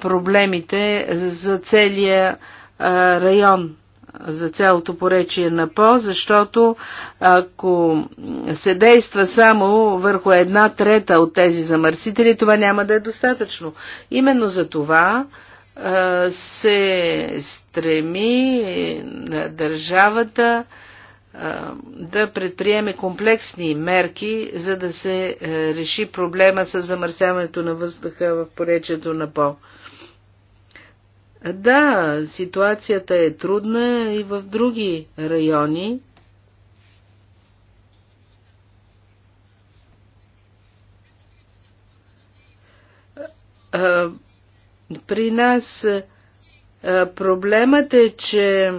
S3: проблемите за целия район за цялото поречие на По, защото ако се действа само върху една трета от тези замърсители, това няма да е достатъчно. Именно за това се стреми е, държавата да предприеме комплексни мерки, за да се е, реши проблема с замърсяването на въздуха в поречието на По. Да, ситуацията е трудна и в други райони. При нас проблемът е, че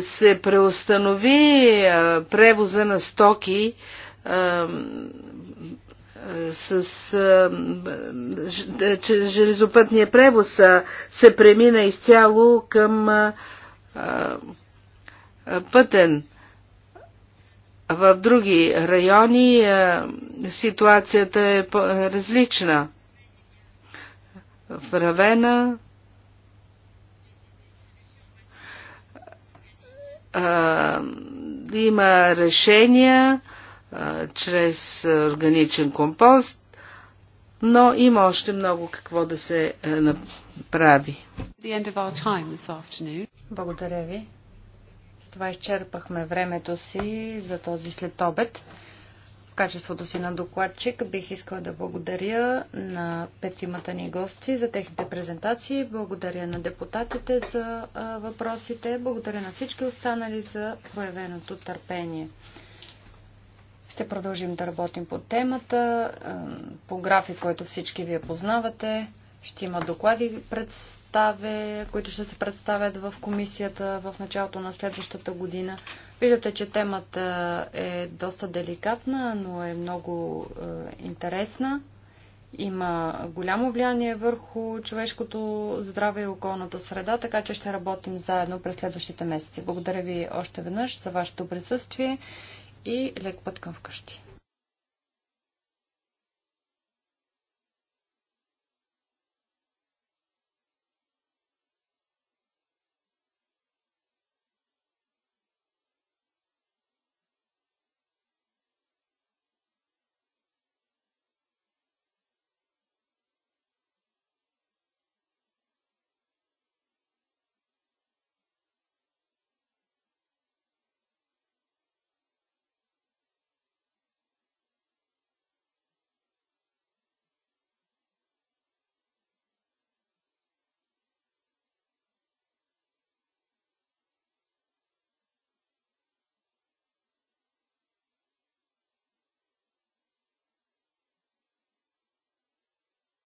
S3: се преустанови превоза на стоки с че железопътния превоз се премина изцяло към пътен. В други райони ситуацията е различна. В Равена има решения, чрез органичен компост, но има още много какво да се е, направи.
S1: Благодаря ви. С това изчерпахме времето си за този следобед. В качеството си на докладчик бих искала да благодаря на петимата ни гости за техните презентации, благодаря на депутатите за въпросите, благодаря на всички останали за проявеното търпение. Ще продължим да работим по темата, по график, който всички вие познавате. Ще има доклади, представе, които ще се представят в комисията в началото на следващата година. Виждате, че темата е доста деликатна, но е много интересна. Има голямо влияние върху човешкото здраве и околната среда, така че ще работим заедно през следващите месеци. Благодаря ви още веднъж за вашето присъствие и лек път към вкъщи.